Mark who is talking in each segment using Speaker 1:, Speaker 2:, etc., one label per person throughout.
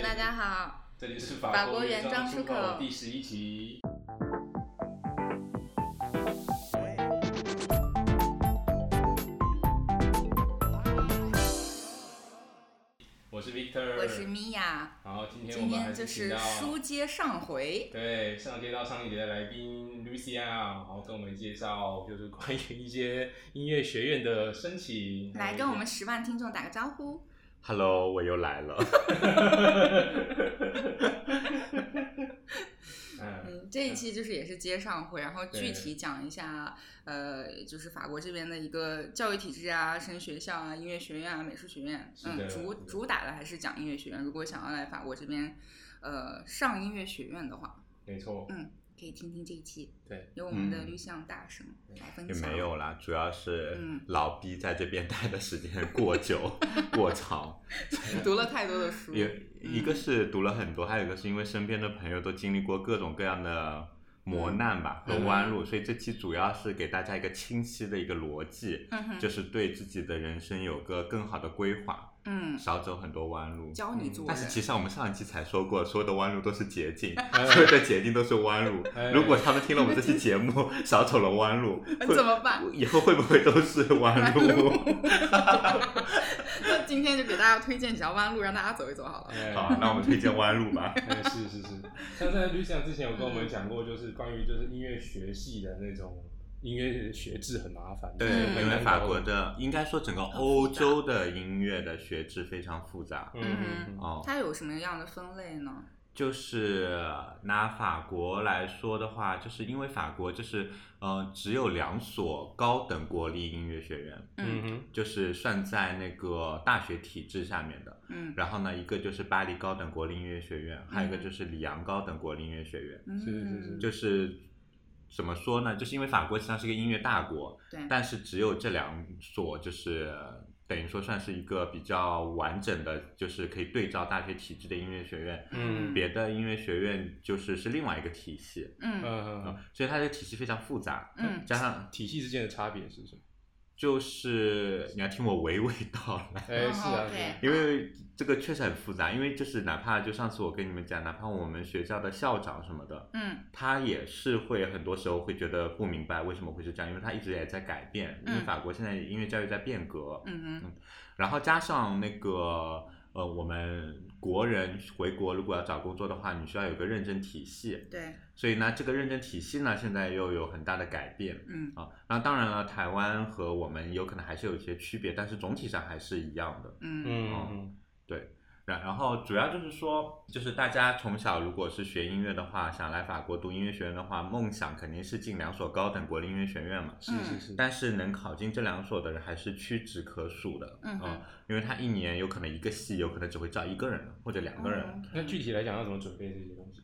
Speaker 1: 大
Speaker 2: 家好，
Speaker 1: 這裡是法國原裝出口第十一集。我是 Victor，我是米婭。好，今天我是，今天就是書
Speaker 2: 接上回。
Speaker 1: 對，上接到上一集的來賓 Lucien，然後跟我們介紹就是關於一些音樂學院的申請。
Speaker 2: 來跟我們十萬聽眾打個招呼。
Speaker 1: Hello，我又來了。
Speaker 2: 嗯，這一期就是也是接上回，然後具體講一下對對對，呃，就是法國這邊的一個教育體制啊，什麼學校啊，音樂學院啊，美術學院，嗯，主主打的還是講音樂學院。如果想要來法國這邊，呃，上音樂學院的話，沒錯，嗯。可以聽聽這一期，對，由我們的 Lucien 大神來分享。也沒有
Speaker 1: 啦，主要是老畢在這邊待的時間、嗯、過久過長， 讀了
Speaker 2: 太多的書。也、
Speaker 1: 嗯、一個是讀了很多，還有一個是因為身邊的朋友都經歷過各種各樣的磨難吧、嗯、和彎路、嗯，所以這期主要是給大家一個清晰的一個邏輯，嗯、就是對自己的人生有個更好的規劃。嗯，少走很多彎路。教你做、嗯。但是其實我們上一期才說過，所有的彎路都是捷徑，所有的捷徑都是彎路。 如果他們聽了我們這期節目，少走了彎路會，你怎麼辦？以後會不會都是彎路？ 那
Speaker 2: 今天就給大家推薦小彎路，讓大家走一走
Speaker 3: 好了。 好，那我們推薦彎路吧。是
Speaker 1: 是、嗯、是，剛才呂行之前有跟我們講過，就是關於就是音樂學系的那種。音樂學制很麻煩。對、嗯，因為法國的，應該說整個歐洲的音樂的學制非常複雜。嗯嗯。哦、嗯。它
Speaker 2: 有什麼樣的分類呢？
Speaker 1: 就是拿法國來說的話，就是因為法國就是，呃，只有兩所高等國立音樂學院。嗯哼。就是算在那個大學體制下面的。嗯。然後呢，一個就是巴黎高等國立音樂學院，嗯、還有一個就是里昂高等國立音樂學院。嗯嗯嗯就是。怎麼說呢？就是因為法國實際上是一個音樂大國。對，但是只有這兩所就是，呃、等於說算是一個比較完整的，就是可以對照大學體制的音樂學院。嗯，別的音樂學院就是是另外一個體系。嗯，嗯嗯，所以它的體系非常複雜。嗯，加上體系之間的差別是什麼？就是你要聽我娓娓道來，哎，是啊，因為這個確實很複雜，因為就是哪怕就上次我跟你們講，哪怕我們學校的校長什麼的，嗯，他也是會很多時候會覺得不明白為什麼會是這樣，因為他一直也在改變，因為法國現在音樂教育在變革，嗯然後加上那個呃我們。國人回國如果要找工作的話，你需要有個認證體系。對，所以呢，這個認證體系呢，現在又有很大的改變。嗯啊，那當然了，台灣和我們有可能還是有一些區別，但是總體上還是一樣的。嗯嗯，啊，對。然後主要就是說，就是大家從小如果是學音樂的話，想來法國讀音樂學院的話，夢想肯定是進兩所高等國立音樂學院嘛。是是是。但是能考進這兩所的人還是屈指可數的。嗯、呃。因為他一年有可能一個系有可能只會招一個人或者兩個人。那、嗯嗯、具體來講要怎麼準備這些東西？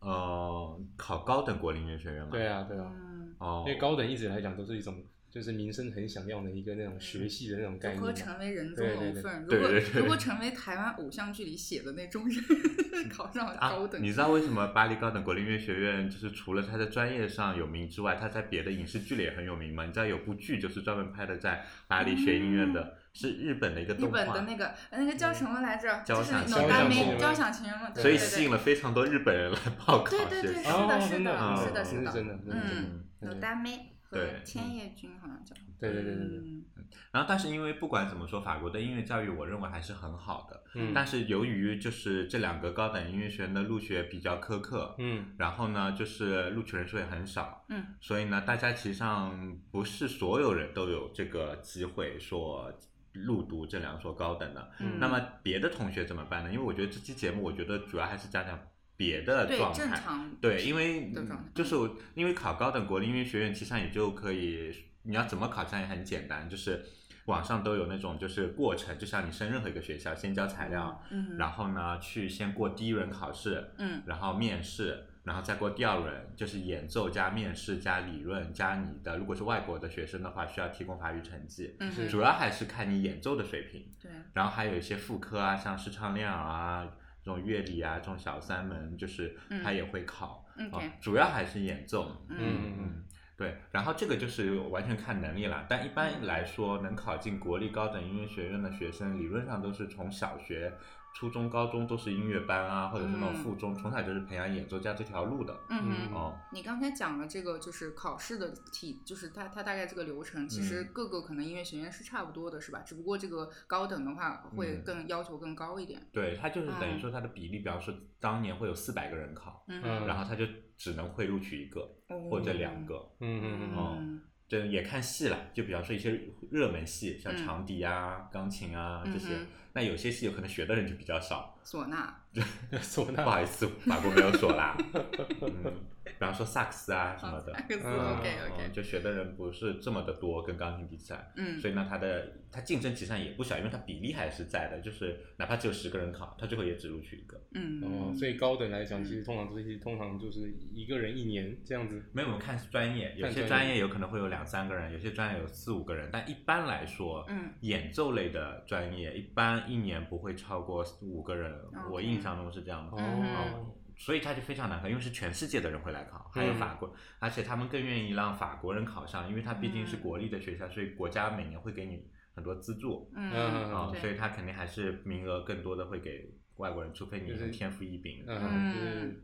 Speaker 1: 呃，考高等國立音樂學院嘛。對啊對啊。哦、嗯。因為高等一直來講都是一種。就是名聲很響亮的一個那種學系的那種概念，如何成為人對對對如，果對對對如果成
Speaker 2: 為台灣偶像劇裡寫的那種 考上高等、啊。你知道
Speaker 1: 為什麼巴黎高等國立音樂學院就是除了他在專業上有名之外，他在別的影視劇裡也很有名嗎？你知道有部劇就是專門拍的在巴黎學音樂的，嗯、是日本的一個動畫。日本的
Speaker 2: 那個、呃、那個叫什麼來着、嗯就是 Nodami，交？交響情
Speaker 1: 人夢。交響情人夢。所以吸引了非常多日本人來報考。對對對，對、哦是哦是哦是，是的，是的，是的，是的。嗯，魯
Speaker 2: 對，千葉君好像叫。對對
Speaker 1: 對對，對、嗯。然後，但是因為不管怎麼說，法國的音樂教育，我認為還是很好的、嗯。但是由於就是這兩個高等音樂學院的入學比較苛刻，嗯、然後呢，就是錄取人數也很少、嗯，所以呢，大家其實上不是所有人都有這個機會說入讀這兩所高等的、嗯。那麼別的同學怎麼辦呢？因為我覺得這期節目，我覺得主要還是講講。別的狀態，正常的狀態，對，因為就是因為考高等國立音樂學院，其實上也就可以，你要怎麼考上也很簡單，就是網上都有那種就是過程，就像你升任何一個學校，先交材料，哦嗯，然後呢去先過第一輪考試，嗯，然後面試，然後再過第二輪，就是演奏加面試加理論加你的，如果是外國的學生的話，需要提供法語成績，嗯，主要還是看你演奏的水平，對，然後還有一些副科啊，像視唱練耳啊。這種樂理啊，這種小三門，就是他也會考，嗯哦 Okay. 主要還是演奏。嗯嗯，嗯，對。然後這個就是完全看能力了，但一般來說，嗯，能考進國立高等音樂學院的學生，理論上都是從小學。初中、高中都是音樂班啊，或者是那種附中，嗯、從小就是培養演奏家這條路的。嗯哦、嗯，
Speaker 2: 你剛才講的這個就是考試的體，就是它它大概這個流程，其實各個可能音樂學院是差不多的，是吧、嗯？只不過這個高等的話會更、嗯、要求更高一點。
Speaker 1: 對，它就是等於說它的比例，嗯、比方說當年會有四百個人考、嗯，然後它就只能會錄取一個、嗯、或者兩個。嗯嗯嗯。哦、嗯。對，也看系了，就比方說一些熱門系，像長笛啊、嗯、鋼琴啊、嗯、這些。那有些系有可能學的人就比較少，嗩吶，嗩 吶索娜， 不好意思，法國沒有嗩吶。 嗯，比方說薩克斯啊什麼的、薩克斯嗯、，OK OK，就學的人不是這麼的多，跟鋼琴比賽。嗯，所以呢，它的它競爭其實上也不小，因為它比例還是在的，就是哪怕只有十個人考，它最後也只錄取一個，嗯，所、嗯、以高等來講，其實通常這些通常就是一個人一年這樣子。沒有，我們看專業，有些專業有可能會有兩三個人，有些專業有四五個人，但一般來說，嗯，演奏類的專業一般。一年不會超過五個人，okay. 我印象中是這樣的。哦、oh, okay.，oh, okay. 所以他就非常難考，因為是全世界的人會來考，mm. 還有法國，而且他們更願意讓法國人考上，因為他畢竟是國立的學校，mm. 所以國家每年會給你很多資助。嗯、mm. 嗯嗯。Mm-hmm. 所以他肯定還是名額更多的會給外國人，除非你是天賦異稟。嗯、就是。Mm.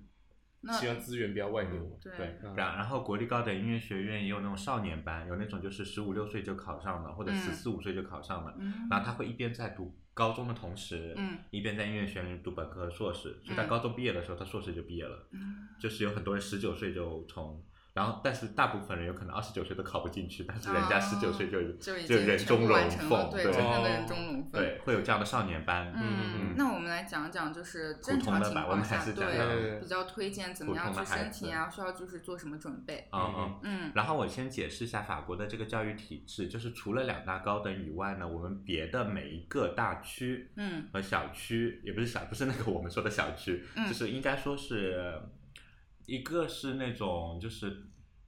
Speaker 1: 希望資源不要外流。Mm. 對。然然後，國立高等音樂學院也有那種少年班，有那種就是十五六歲就考上了，或者十四五歲就考上了，mm. 然後他會一邊在讀。.高中的同時、嗯，一邊在音樂學院讀本科、碩士，所以他高中畢業的時候、嗯，他碩士就畢業了。嗯、就是有很多人十九歲就從。然後，但是大部分人有可能二十九歲都考不進去，但是人家十九歲就、有，就，就人中龍鳳，對，真正的人中龍鳳，對，會有這樣的少年班。嗯嗯嗯。那
Speaker 2: 我們來講講，就是正常情況下，的我們對，對，對，對，比較推薦怎麼樣去申請啊？需要就是做什麼準備？嗯嗯，嗯，
Speaker 1: 然後我先解釋一下法國的這個教育體制，就是除了兩大高等以外呢，我們別的每一個大區，區，嗯，和小區也不是小，不是那個我們說的小區，嗯、就是應該說是。一個是那種就是，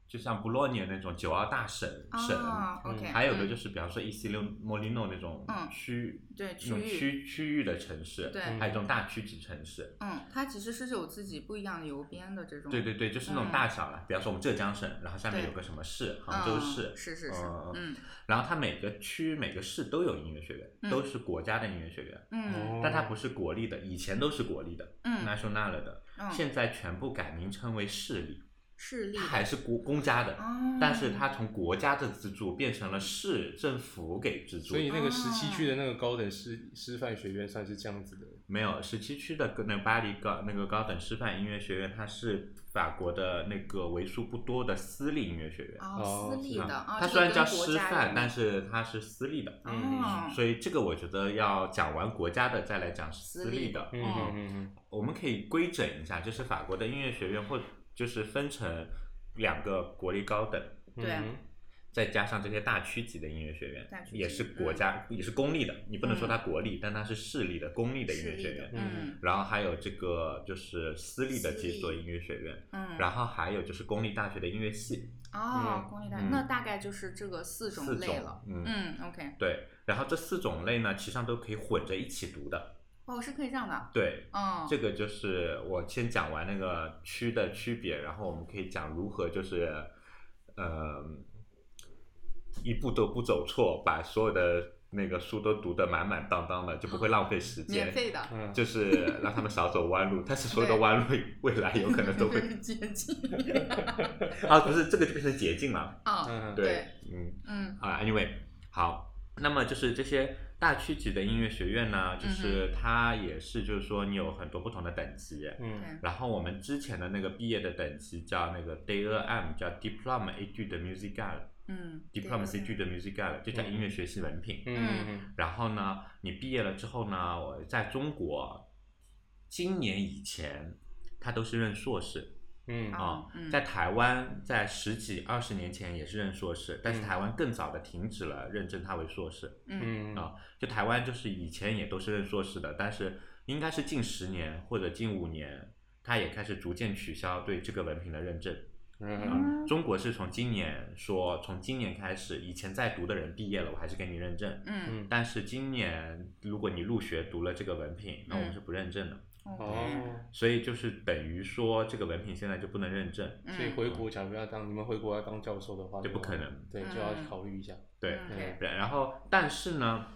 Speaker 1: 就像布洛尼亞那種九二大省，oh, 省 okay，嗯，還有個就是比方說 Issy-les-Moulineaux 那種區，嗯嗯，對這種區區域的城市，對嗯，還有這種大區級城市。
Speaker 2: 嗯，它其實是有自己不一樣的郵編的這種。對對對，就是那種大
Speaker 1: 小了，嗯。比方說我們浙江省，然後下面有個什麼市，杭州市，嗯嗯。是是是。嗯嗯。然後它每個區每個市都有音樂學院，嗯，都是國家的音樂學院嗯。嗯。但它不是國立的，以前都是國立的。嗯。National 的。現在全部改名稱為市里。它還是國公家的，哦、但是它從國家的資助變成了市政府給資助。所以那個十七區的那個高等師、哦、師範學院算是這樣子的。沒有，十七區的跟那個巴黎高那個高等師範音樂學院，它是法國的那個為數不多的私立音樂學院。哦，哦私立的、嗯哦，它雖然叫師範，但是它是私立的嗯。嗯，所以這個我覺得要講完國家的，再來講私立的。立嗯嗯嗯，嗯，嗯。我們可以規整一下，就是法國的音樂學院或者。就是分成兩個國立高等，嗯、對、啊，再加上這些大區級的音樂學院，大區也是國家、嗯、也是公立的，你不能說它國立，嗯、但它是市立的公立的音樂學院。嗯，然後還有這個就是私立的幾所音樂學院，嗯，然後還有就是公立大學的音樂系。哦，嗯、公立大學、嗯、那
Speaker 2: 大概就是這個四種類了。嗯，嗯，OK。
Speaker 1: 對，然後這四種類呢，其實上都可以混着一起讀的。
Speaker 2: 哦、oh，是可以這樣的。
Speaker 1: 對，oh. 這個就是我先講完那個區的區別，然後我們可以講如何就是，呃，一步都不走錯，把所有的那個書都讀得滿滿當當當的，就不會浪費時間。Oh, 免費的，就是讓他們少走彎路。 但是所有的彎路未來有可能都會。
Speaker 3: 捷徑。 啊，不是，
Speaker 1: 這個就變成捷徑了。嗯、oh，
Speaker 3: 對，嗯嗯
Speaker 1: 啊、嗯、，anyway，好，那麼就是這些。大區級的音樂學院呢，嗯、就是它也是，就是說你有很多不同的等級。嗯。然後我們之前的那個畢業的等級叫那個 DEM、嗯、叫 Diplôme d'Études Musicales 嗯。
Speaker 3: Diplôme
Speaker 1: d'Études Musicales、嗯、就叫音樂學習文憑。嗯，嗯然後呢，你畢業了之後呢，我在中國，今年以前，他都是認碩士。嗯啊嗯，在台灣在十幾二十年前也是認碩士，嗯、但是台灣更早的停止了認證它為碩士。嗯，嗯啊，就台灣就是以前也都是認碩士的，但是應該是近十年或者近五年，它也開始逐漸取消對這個文憑的認證。嗯，嗯啊、中國是從今年說從今年開始，以前在讀的人畢業了，我還是給你認證。嗯，但是今年如果你入學讀了這個文憑，那我們是不認證的。嗯嗯哦、okay.，所以就是等於說這個文憑現在就不能認證。嗯、所以回國，假如要當你們回國要當教授的話，的話，就不可能。對，嗯、就要考慮一下。對、嗯、對，okay. 然後但是呢，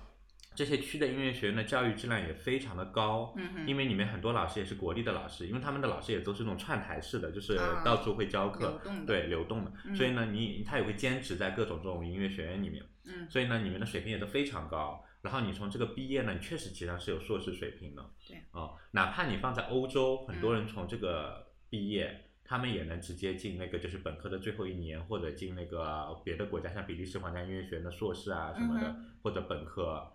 Speaker 1: 這些區的音樂學院的教育質量也非常的高，嗯。因為裡面很多老師也是國立的老師，因為他們的老師也都是那種串台式的，就是到處會教課，對、啊、流動的，流動的，嗯。所以呢，你他也會兼職在各種這種音樂學院裡面。嗯、所以呢，你們的水平也都非常高。然後你從這個畢業呢，確實其實是有碩士水平的。對、哦。哪怕你放在歐洲，很多人從這個畢業、嗯，他們也能直接進那個就是本科的最後一年，或者進那個、啊、別的國家，像比利時皇家音樂學院的碩士啊什麼的、嗯，或者本科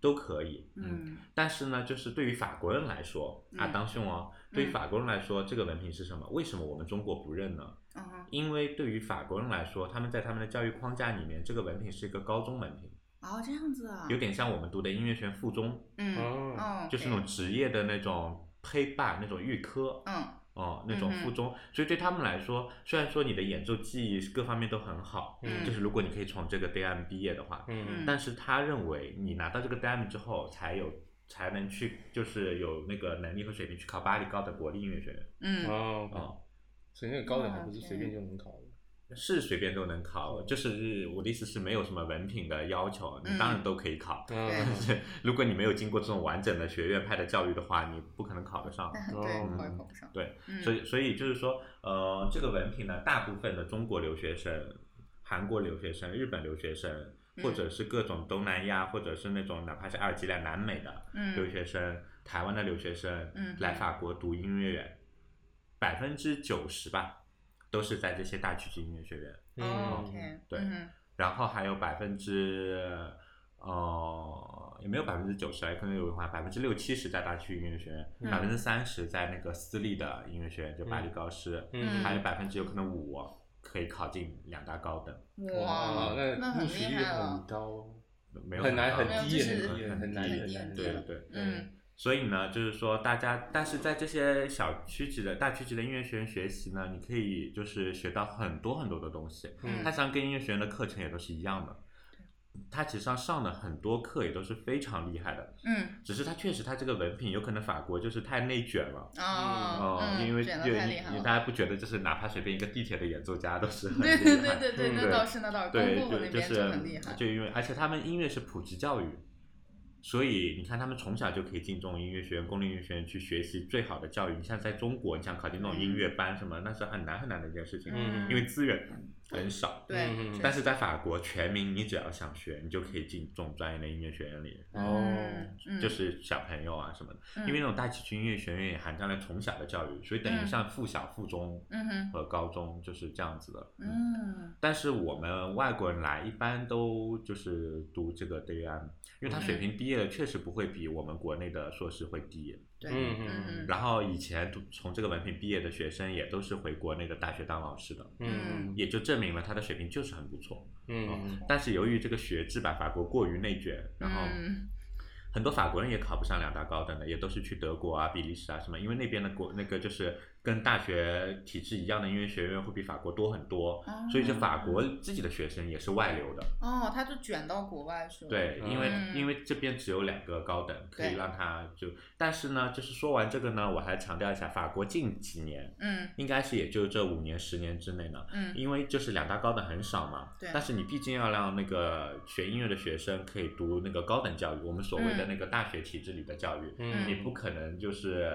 Speaker 1: 都可以。嗯。但是呢，就是對於法國人來說、嗯、啊，當心哦、嗯，對於法國人來說、嗯，這個文憑是什麼？為什麼我們中國不認呢、嗯？因為對於法國人來說，他們在他們的教育框架裡面，這個文憑是一個高中文憑。
Speaker 2: 哦，
Speaker 3: 這樣子啊，有
Speaker 1: 點像我們讀的音樂學院附中，嗯，哦，就是那種職業的那種培養那種預科，嗯，哦、呃，那種附中、嗯，所以對他們來說，雖然說你的演奏技藝各方面都很好，嗯，就是如果你可以從這個 DM 畢業的話，嗯，但是他認為你拿到這個 DM 之後，才有、嗯、才能去，就是有那個能力和水平去考巴黎高等國立音樂學院，嗯，哦，嗯，所以那個高等還不是隨便就能考的。哦 okay 是隨便都能考，就是我的意思是沒有什麼文憑的要求，嗯、你當然都可以考。嗯、但是如果你沒有經過這種完整的學院派的教育的話，你不可能考得上。對，嗯，考
Speaker 3: 考，對，嗯、所
Speaker 1: 以所以就是說，呃、嗯，這個文憑呢，大部分的中國留學生、韓國留學生、日本留學生、嗯、或者是各種東南亞，或者是那種哪怕是阿爾及利亞、南美的留學生、嗯、台灣的留學生、嗯，來法國讀音樂院，百分之九十吧。都是在這些大區級音樂學院，嗯。嗯對嗯，然後還有百分之、嗯、呃也沒有百分之九十，可能有的話，百分之六七十在大區音樂學院，百分之三十在那個私立的音樂學院，就巴黎高師、嗯嗯，還有百分之有可能五可以考進兩大高等。哇，哇那，那錄取率很
Speaker 3: 高，
Speaker 1: 沒有很高。很難很低、就是、很，很低很低很低對。低很所以呢，就是說大家，但是在這些小區級的大區級的音樂學院學習呢，你可以就是學到很多很多的東西。實、嗯、他實際上跟音樂學院的課程也都是一樣的，他其實上上的很多課也都是非常厲害的。嗯，只是他確實他這個文憑有可能法國就是太內卷了哦。因為大家不覺得就是哪怕隨便一個地鐵的演奏家都是很厲害，對對對、嗯、對，那倒是那倒是，對，對，對，對，對，對就是就，就因為而且他們音樂是普及教育。所以你看，他們從小就可以進這種音樂學院、公立音樂學院去學習最好的教育。你像在中國，你想考進那種音樂班什麼，嗯，那是很難很難的一件事情，嗯，因為資源。嗯很少，對，但是在法國，全民你只要想學，你就可以進這種專業的音樂學院裡。哦，就是小朋友啊什麼的，嗯、因為那種大提琴音樂學院也涵蓋了從小的教育，所以等於像附小、附中和高中就是這樣子的。嗯。嗯，但是我們外國人來一般都就是讀這個 D.M，因為他水平畢業確實不會比我們國內的碩士會低。對，嗯嗯嗯，然後以前從這個文憑畢業的學生也都是回國內的大學當老師的，嗯，也就證明了他的水平就是很不錯，嗯，哦，但是由於這個學制吧，法國過於內卷，然後很多法國人也考不上兩大高等的，也都是去德國啊、比利時啊什麼，因為那邊的國那個就是。跟大學體制一樣的音樂學院會比法國多很多，哦，所以就法國自己的學生也是外流的。
Speaker 2: 哦，他就卷到國外去了。對，嗯，
Speaker 1: 因為因為這邊只有兩個高等，可以讓他就，但是呢，就是說完這個呢，我還強調一下，法國近幾年，嗯，應該是也就這五年十年之內呢，嗯，因為就是兩大高等很少嘛，對，嗯。但是你畢竟要讓那個學音樂的學生可以讀那個高等教育，我們所謂的那個大學體制裡的教育，嗯，你不可能就是。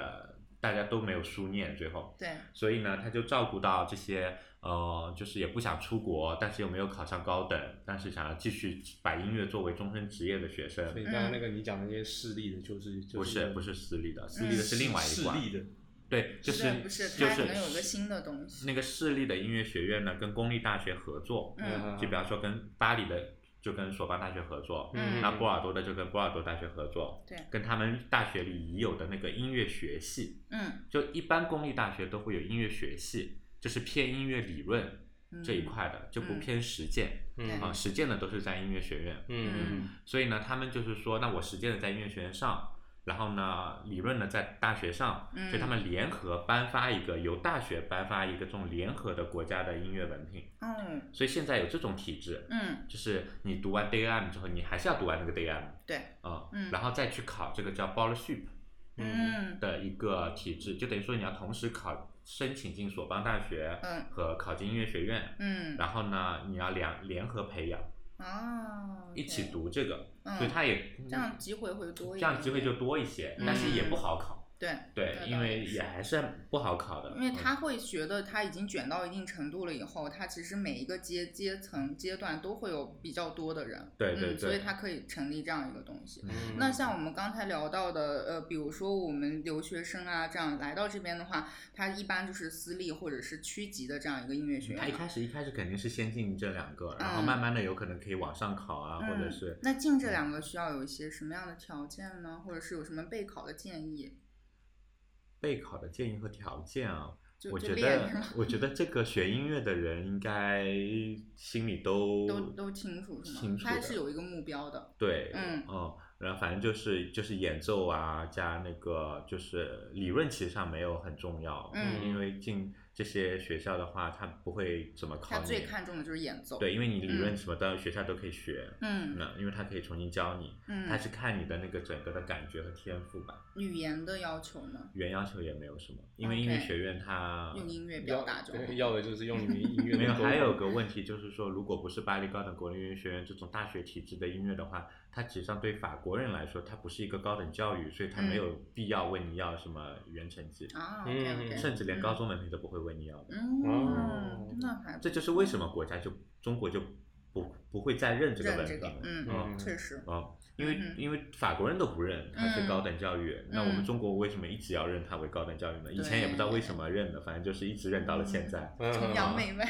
Speaker 1: 大家都沒有書念，最後，對，所以呢，他就照顧到這些，呃，就是也不想出國，但是又沒有考上高等，但是想要繼續把音樂作為終身職業的學生。所以剛剛那個你講的那些私立的，就是不是不是私立的、嗯，私立的是另外一掛。私立的，對，就是就是可能有個新的東西、就是。那個私立的音樂學院呢，跟公立大學合作，嗯、就比方說跟巴黎的。就跟索邦大學合作，嗯，那波爾多的就跟波爾多大學合作，嗯，跟他們大學裡已有的那個音樂學系，就一般公立大學都會有音樂學系，嗯、就是偏音樂理論這一塊的，嗯、就不偏實踐，嗯、啊，實踐的都是在音樂學院。嗯嗯，嗯，所以呢，他們就是說，那我實踐的在音樂學院上。然後呢，理論呢在大學上，所以他們聯合頒發一個由、嗯、大學頒發一個這種聯合的國家的音樂文憑。
Speaker 3: 嗯，
Speaker 1: 所以現在有這種體制。嗯，就是你讀完 DAM 之後，你還是要讀完那個 DAM。對、嗯嗯。嗯。然後再去考這個叫 Ballership 嗯的一個體制，就等於說你要同時考申請進索邦大學和考進音樂學院。嗯。嗯然後呢，你要聯聯，聯合培養。啊、oh, okay.，一起讀這個，
Speaker 2: 嗯、所以他也這樣機會會多一點，這樣機會
Speaker 1: 就多一些，嗯、但是也不好考。對，對，因為也還是不好考的。因為他
Speaker 2: 會覺得他已經卷到一定程度了以後，嗯、他其實每一個階階層階段都會有比較多的人。對、嗯、對，所以他可以成立這樣一個東西、嗯。那像我們剛才聊到的，呃，比如說我們留學生啊，這樣來到這邊的話，他一般就是私立或者是區級的這樣一個音樂學院、嗯。他一開
Speaker 1: 始一開始肯定是先進這兩個，然後慢慢的有可能可以往上考啊，嗯、或者是。
Speaker 2: 那進這兩個需要有一些什麼樣的條件呢？嗯、或者是有什麼備考的建議？
Speaker 1: 備考的建議和條件啊，我覺得， 我覺得這個學音樂的人應該心裡都都
Speaker 2: 都清楚是嗎？清楚的。他是有一個目標的。
Speaker 1: 對，嗯嗯，然後反正就是就是演奏啊，加那個就是理論，其實上沒有很重要，嗯，因為進。這些學校的話，他不會怎麼考你。他最看
Speaker 2: 重的就是演奏，對，因為你理論什
Speaker 1: 麼的、嗯，學校都可以學。嗯。那因為他可以重新教你。嗯。他是看你的那個整個的感覺和天賦吧。
Speaker 2: 語言的要求呢？
Speaker 1: 語言要求也沒有什麼，okay, 因為音樂學院它用音
Speaker 2: 樂表達，就要的，要的就是用音
Speaker 1: 樂。 沒有，還有個問題就是說，如果不是巴黎高等國立音樂學院這種大學體制的音樂的話。他其實際上對法國人來說，他不是一個高等教育，所以他沒有必要問你要什麼語言成績，嗯、甚至連高中文憑都不會問你要的，嗯。哦，那這就是為什麼國家就中國就不不會再認這個文憑，這個。嗯、哦，確實。哦因為因為法國人都不認它是高等教育、嗯，那我們中國為什麼一直要認它為高等教育呢、嗯？以前也不知道為什麼認的，反正就是一直認到了現在。崇洋媚
Speaker 2: 外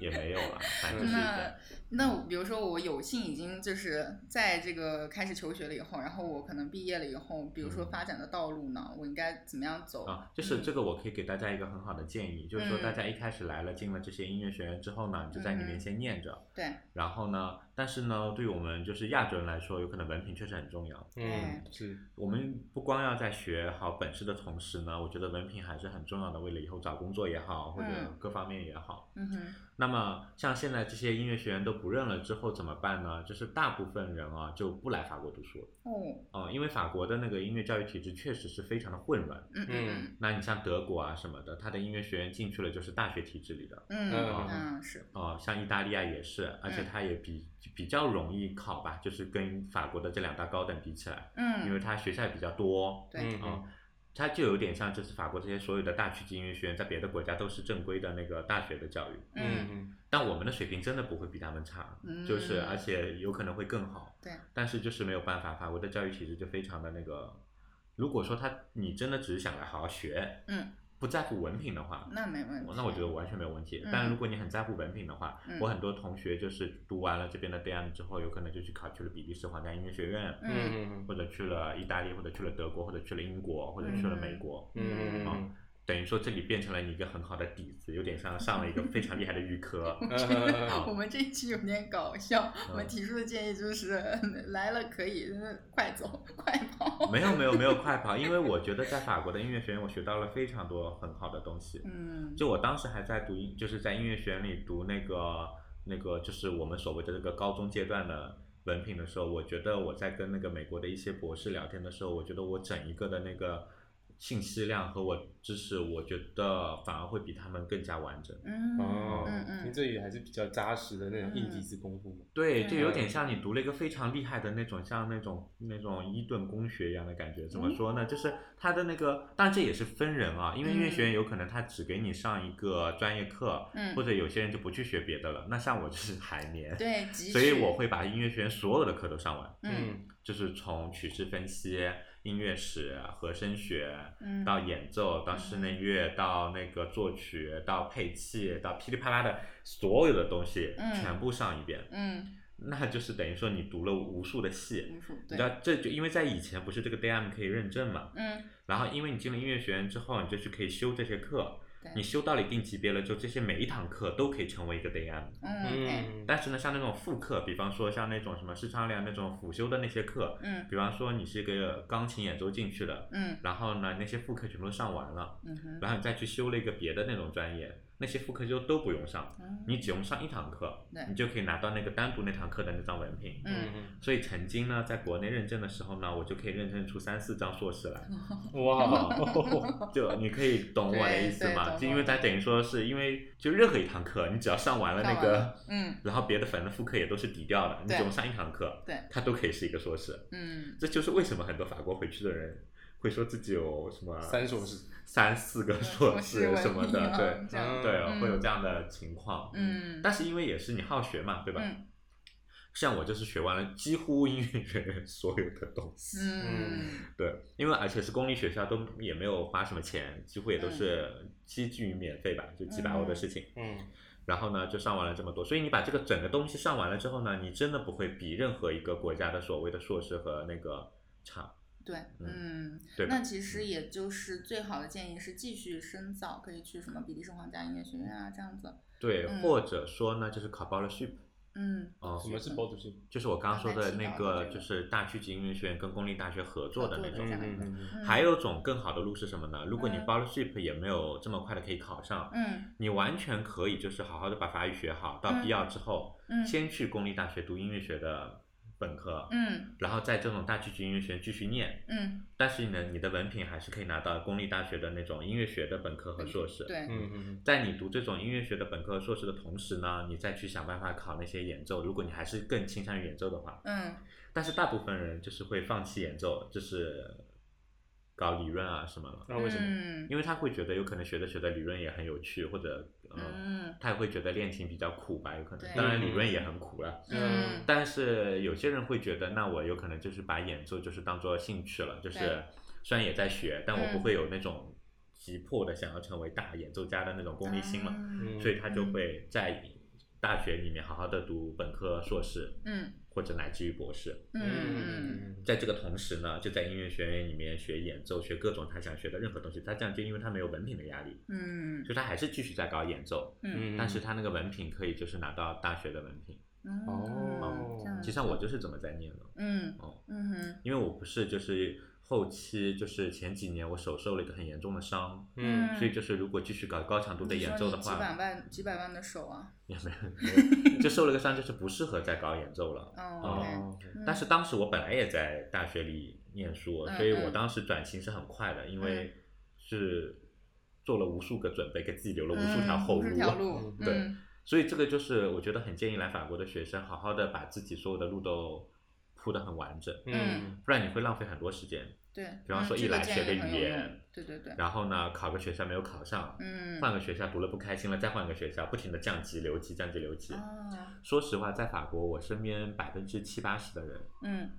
Speaker 3: 也沒有了。嗯
Speaker 2: 嗯嗯嗯嗯、有了 是那。那比如說，我有幸已經就是在這個開始求學了以後，然後我可能畢業了以後，比如說發展的道路呢，嗯、我應該怎麼樣走？啊、就是
Speaker 1: 這個，我可以給大家一個很好的建議，嗯、就是說大家一開始來了進了這些音樂學院之後呢，你就在裡面先念着。嗯嗯、
Speaker 3: 對。
Speaker 1: 然後呢？但是呢，對於我們就是亞洲人來說，有可能文憑確實很重要。嗯，是我們不光要在學好本事的同時呢，我覺得文憑還是很重要的，為了以後找工作也好，或者各方面也好。嗯，嗯哼。那麼像現在這些音樂學院都不認了之後怎麼辦呢？就是大部分人啊就不來法國讀書了。嗯、哦。哦、呃，因為法國的那個音樂教育體制確實是非常的混亂。嗯，那你像德國啊什麼的，他的音樂學院進去了就是大學體制裡的。嗯嗯，嗯，嗯，嗯是。哦，像意大利啊也是，而且他也比、嗯、比較容易考吧，就是跟法國的這兩大高等比起來。嗯。因為他學校也比較多。對。嗯嗯嗯它就有點像，就是法國這些所有的大區音樂學院，在別的國家都是正規的那個大學的教育。嗯嗯。但我們的水平真的不會比他們差，嗯，就是而且有可能會更好。對。但是就是沒有辦法，法國的教育體制就非常的那個，如果說他你真的只是想來好好學，嗯。不在乎文憑的話，那
Speaker 2: 沒問題。那我覺得
Speaker 1: 完全沒有問題。嗯、但如果你很在乎文憑的話、嗯，我很多同學就是讀完了這邊的 DEM 之後、嗯，有可能就去考去了比利時皇家音樂學院、嗯，或者去了意大利，或者去了德國，或者去了英國，或者去了美國。嗯嗯嗯。嗯嗯等於說這裡變成了你一個很好的底子，有點像上了一個非常厲害的預科。我，我
Speaker 2: 們這一期有點搞笑，嗯。我們提出的建議就是來了可以快走快跑。沒有沒有
Speaker 1: 沒有快跑，因為我覺得在法國的音樂學院，我學到了非常多很好的東西。嗯，就我當時還在讀，就是在音樂學院裡讀那個那個，就是我們所謂的那個高中階段的文憑的時候，我覺得我在跟那個美國的一些博士聊天的時候，我覺得我整一個的那個。信息量和我知識，我覺得反而會比他們更加完整。嗯哦，聽這裡還是比較扎實的那種應急之功夫。對，就有點像你讀了一個非常厲害的那種，像那種那種伊頓公學一樣的感覺。怎麼說呢、嗯？就是他的那個，但這也是分人啊，因為音樂學院有可能他只給你上一個專業課、嗯，或者有些人就不去學別的了。那像我就是海綿，對，所以我會把音樂學院所有的課都上完。嗯，就是從曲式分析。音樂史、和聲學，到演奏，嗯、到室內樂、嗯，到那個作曲，到配器，到噼裡啪啦的所有的東西，嗯、全部上一遍、嗯，那就是等於說你讀了無數的戲，無數，對，那這就因為在以前不是這個 DM 可以認證嘛、嗯，然後因為你進了音樂學院之後，你就去可以修這些課。你修到了一定級別了，就這些每一堂課都可以成為一個 DEM、嗯。嗯，但是呢，像那種副課，比方說像那種什麼視唱練耳那種輔修的那些課，嗯，比方說你是一個鋼琴演奏進去的，嗯，然後呢，那些副課全部都上完了，嗯，然後你再去修了一個別的那種專業。那些副課就都不用上、嗯，你只用上一堂課，你就可以拿到那個單獨那堂課的那張文憑、嗯。所以曾經呢，在國內認證的時候呢，我就可以認證出三四張碩士來。哇、 哦！就你可以懂我的意思嗎？就因為它等於說是因為就任何一堂課，你只要上完了那個，
Speaker 3: 嗯、
Speaker 1: 然後別的反正副課也都是抵掉的，你只用上一堂課，他都可以是一個碩士、嗯。這就是為什麼很多法國回去的人。會說自己有什麼三碩士、三四個碩士什麼的對對、嗯，對、嗯，對，會有這樣的情況嗯。嗯，但是因為也是你好學嘛，對吧？像我就是學完了幾乎音樂學院所有的東西。嗯，嗯對，因為而且是公立學校，都也沒有花什麼錢，幾乎也都是幾近免費吧，嗯、就幾百歐的事情嗯。嗯，然後呢，就上完了這麼多，所以你把這個整個東西上完了之後呢，你真的不會比任何一個國家的所謂的碩士和那個差。
Speaker 2: 對，嗯對，那其實也就是最好的建議是繼續深造，可以去什麼比利時皇家音樂學院啊這樣子。對、嗯，或
Speaker 1: 者說呢，就是考 Bolship、嗯。嗯。哦、嗯嗯，什麼是 Bolship？就是我剛剛說的那個，就是大區級音樂學院跟公立大學合作的那種。嗯，一嗯還有種更好的路是什麼呢？如果你 Bolship 也沒有這麼快的可以考上，嗯，你完全可以就是好好的把法語學好，到畢業之後，嗯嗯、先去公立大學讀音樂學的。本科，嗯，然後在這種大區級音樂學院繼續念，嗯，但是呢，你的文憑還是可以拿到公立大學的那種音樂學的本科和碩士，對，對嗯嗯，在你讀這種音樂學的本科和碩士的同時呢，你再去想辦法考那些演奏，如果你還是更傾向於演奏的話，嗯，但是大部分人就是會放棄演奏，就是。搞理論啊什麼了？那、啊、為什麼、嗯？因為他會覺得有可能學着學着理論也很有趣，或者、
Speaker 3: 呃、嗯，
Speaker 1: 他也會覺得練琴比較苦吧，有可能。當然理論也很苦了、啊。嗯。但是有些人會覺得，那我有可能就是把演奏就是當做興趣了，就是雖然也在學，但我不會有那種急迫的想要成為大演奏家的那種功利心嘛、嗯。所以他就會在大學裡面好好的讀本科、碩士。嗯。嗯或者乃至於博士，嗯，在這個同時呢，就在音樂學院裡面學演奏，學各種他想學的任何東西。他這樣就因為他沒有文憑的壓力，
Speaker 3: 嗯，就
Speaker 1: 他還是繼續在搞演奏，嗯，但是他那個文憑可以就是拿到大學的文憑，哦，哦哦其實我就是這麼在念的，嗯，哦，
Speaker 3: 嗯
Speaker 1: 因為我不是就是。後期就是前幾年我手受了一個很嚴重的傷，嗯，所以就是如果繼續搞高強度的演奏的話，嗯、你你幾
Speaker 2: 百萬幾百萬的手啊，
Speaker 1: 也沒就受了個傷，就是不適合再搞演奏了。 哦，Okay, 但是當時我本來也在大學裡念書，嗯、所以我當時轉型是很快的、嗯，因為是做了無數個準備，給自己留了無數條後路。嗯、路， 對、嗯，所以這個就是我覺得很建議來法國的學生，好好的把自己所有的路都。鋪的很完整，嗯，不然你會浪費很多時間。
Speaker 3: 對，比方說一來學個語言、嗯這個，對對對，
Speaker 1: 然後呢考個學校沒有考上，嗯，換個學校讀了不開心了，再換個學校，不停的降級留級降級留級。啊，說實話，在法國，我身邊百分之七八十的人，嗯，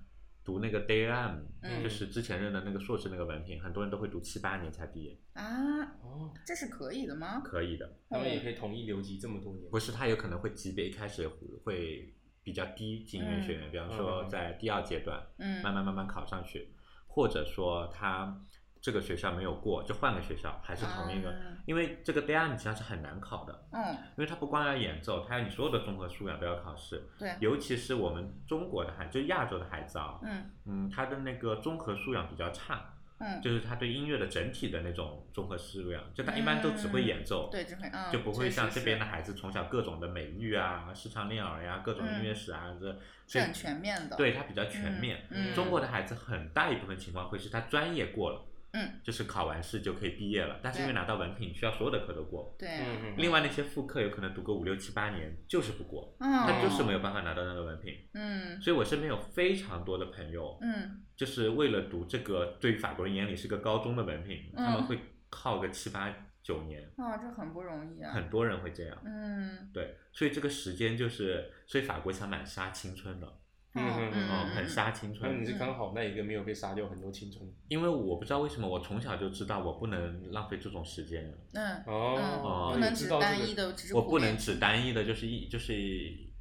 Speaker 1: 讀那個 daym，、嗯、就是之前認的那個碩士那個文憑，很多人都會讀七八年才畢業。
Speaker 2: 啊，哦，這是可以的嗎？可
Speaker 1: 以的，他們也可以同意留級這麼多年。不、嗯、是，他有可能會級別一開始會。比較低進的學員，比方說在第二階段，嗯，慢慢慢慢考上去，嗯、或者說他這個學校沒有過，就換個學校，還是同一個、嗯，因為這個 DEM，你實際上是很難考的，嗯，因為它不光要演奏，它要你所有的綜合素養都要考試，對、嗯，尤其是我們中國的孩子，就亞洲的孩子啊，嗯，他、嗯、的那個綜合素養比較差。嗯，就是他對音樂的整體的那種綜合素養，就他一般都只會演奏，嗯、對，
Speaker 3: 只會、嗯，就不會像這
Speaker 1: 邊的孩子從小各種的美育啊、視、嗯、唱練耳呀、啊、各種音樂史啊這，嗯、是所以是很全
Speaker 3: 面的，對他比較全面、嗯嗯。中國的
Speaker 1: 孩子很大一部分情況會是他專業過了。嗯，就是考完試就可以畢業了，但是因為拿到文憑需要所有的科都過，對，另外那些副課有可能讀個五六七八年就是不過，他就是沒有辦法拿到那個文憑，嗯、哦，所以我身邊有非常多的朋友，嗯，就是為了讀這個，對於法國人眼裡是個高中的文憑，嗯、他們會耗個七八九年，
Speaker 2: 哦，這很不容易啊，很
Speaker 1: 多人會這樣，嗯，對，所以這個時間就是，所以法國想蠻殺青春的。嗯嗯嗯，嗯很殺青春。嗯，嗯剛好那一個沒有被殺掉很多青春，嗯。因為我不知道為什麼，我從小就知道我不能浪費這種時間。嗯哦、不、嗯、
Speaker 3: 能、嗯嗯嗯、只單一的、的，我不能
Speaker 1: 只單一的就是一就是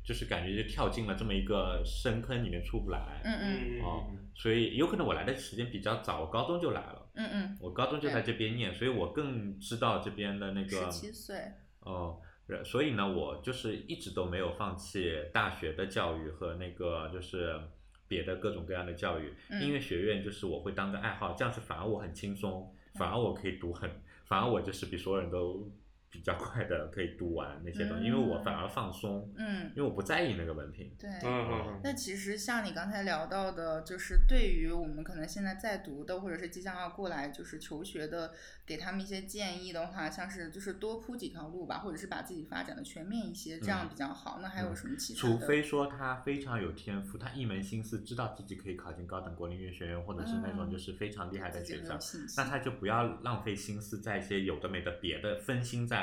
Speaker 1: 就是感覺就跳進了這麼一個深坑裡面出不來。嗯嗯嗯。哦，所以有可能我來的時間比較早，我高中就來了。嗯嗯。我高中就在這邊唸，所以我更知道這邊的那個。十七歲。哦。所以呢，我就是一直都沒有放棄大學的教育和那個就是別的各種各樣的教育，嗯，音樂學院就是我會當個愛好，這樣子反而我很輕鬆，反而我可以讀很，反而我就是比所有人都。比較快的可以讀完那些東西，嗯，因為我反而放鬆，嗯，因為我不在意那個文憑。對，
Speaker 2: 嗯，那其實像你剛才聊到的，就是對於我們可能現在在讀的，或者是即將要過來就是求學的，給他們一些建議的話，像是就是多鋪幾條路吧，或者是把自己發展的全面一些，這樣比較好。嗯，那還有什麼其他？除非
Speaker 1: 說他非常有天賦，他一門心思知道自己可以考進高等國立音樂學院，或者是那種就是非常厲害的學校，嗯，那他就不要浪費心思在一些有的沒的別的，分心在。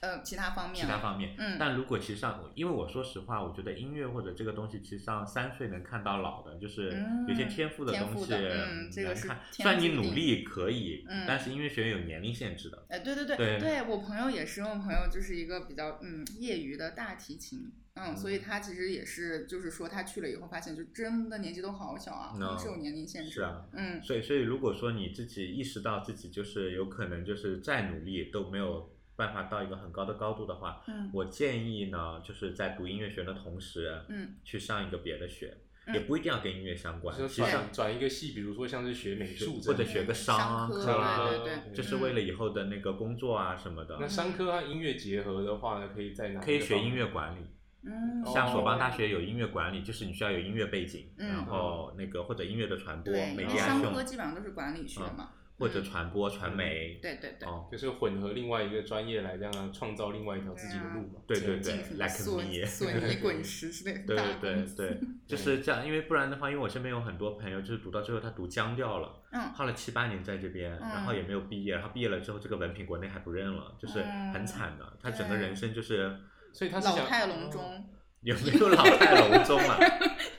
Speaker 1: 呃，
Speaker 2: 其他方面，其他方
Speaker 1: 面，嗯，但如果其實上，因為我說實話，我覺得音樂或者這個東西其實上三歲能看到老的，就是有些天賦的東西，嗯，
Speaker 3: 這個是天算你努力
Speaker 1: 可以，嗯，但是音樂學院有年齡限制的，哎，對對對，對，對
Speaker 2: 我朋友也是，我朋友就是一個比較嗯業餘的大提琴嗯，嗯，所以他其實也是，就是說他去了以後發現，就真的年紀都好小啊，肯、no, 定是有年齡限制的，啊，嗯，
Speaker 1: 所以所以如果說你自己意識到自己就是有可能就是再努力都沒有。辦法到一個很高的高度的話，嗯，我建議呢，就是在讀音樂學的同時，嗯，去上一個別的學，嗯、也不一定要跟音樂相關，就、嗯、是轉轉一個系，比如說像是學美術或者學個商科，商科對對對，對，對，就是為了以後的那個工作啊什麼的。嗯、那商科和音樂結合的話呢，可以在哪可以學音樂管理，嗯、
Speaker 3: 哦，像索邦大
Speaker 1: 學有音樂管理，就是你需要有音樂背景，嗯、然後那個或者音樂的傳播，對、嗯，因為商科基本
Speaker 2: 上都是管理學嘛。嗯
Speaker 1: 或者傳播傳媒、嗯，對對對，哦，就是混合另外一個專業來這樣、啊、創造另外一條自己的路嘛，對對對，like me，對對對、like、對，對，對，對，對，對，對，對，就是這樣，因為不然的話，因為我身邊有很多朋友，就是讀到最後他讀僵掉了，嗯，花了七八年在這邊、嗯，然後也沒有畢業，他畢業了之後這個文憑國內還不認了，就是很慘的、嗯，他整個人生就是，所以他想老態龍鍾。哦 有沒有老態龍鍾啊？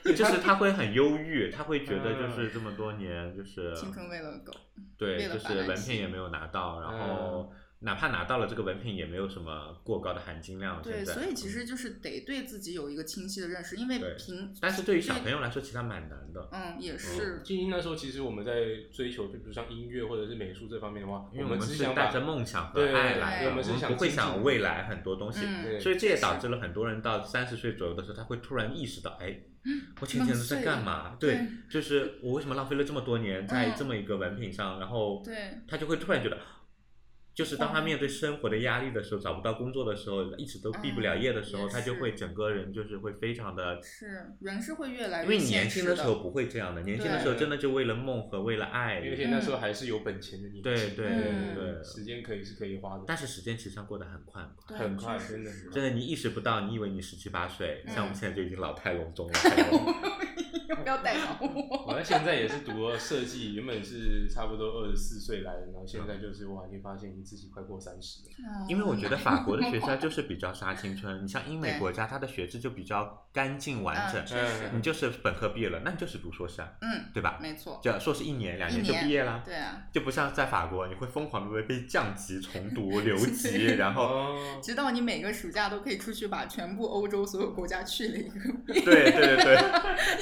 Speaker 1: 就是他會很憂鬱，他會覺得就是這麼多年就是、嗯、青春餵了狗，對，就是文憑也沒有拿到，然後。嗯.哪怕拿到了這個文憑，也沒有什麼過高的含金量，對，所以
Speaker 2: 其實就是得對自己有一個清晰的認識，因為平。但是對於小朋
Speaker 1: 友來說，其實蠻難的。嗯，也是。英、嗯、那時候，其實我們在追求，就比如像音樂或者是美術這方面的話，因為我們，我們是帶着夢想和愛來的，對對。我，我們是不會想未來很多東西。對對。所以這也導致了很多人到三十歲左右的時候，他會突然意識到，哎，我前前是在幹嘛？對對？對，就是我為什麼浪費了這麼多年在這麼一個文憑上？嗯、然後，對，他就會突然覺得。就是當他面對生活的壓力的時候，找不到工作的時候，一直都畢不了業的時候、嗯，他就會整個人就是會非常的。是，
Speaker 2: 人是會越來越。因為年輕的時候不
Speaker 1: 會這樣的，年輕的時候真的就為了夢和為了愛。因為那時候還是有本錢的年，年、嗯、對對對對,對、嗯。時間可以是可以花的。但是時間其實上過得很快，很快，真的是。真的，你意識不到，你以為你十七八歲，嗯、像我們現在就已經老態龍鍾了。老態龍鍾了，
Speaker 3: 老態龍鍾了 不
Speaker 2: 要帶上
Speaker 1: 我 現在也是讀了設計，原本是差不多二十四歲來的，然後現在就是我已經發現你自己快過三十了。因為我覺得法國的學校就是比較殺青春， 你像英美國家，它的學制就比較乾淨完整、啊，你就是本科畢業了，那你就是讀碩士、啊，嗯，
Speaker 2: 對吧？沒錯，就
Speaker 1: 碩士一年兩年就畢業了，對啊，就不像在法國，你會瘋狂的被，被降級、重讀、留級， 然後
Speaker 2: 直到你每個暑假都可以出去把全部歐洲所有國家去了一個遍。對對對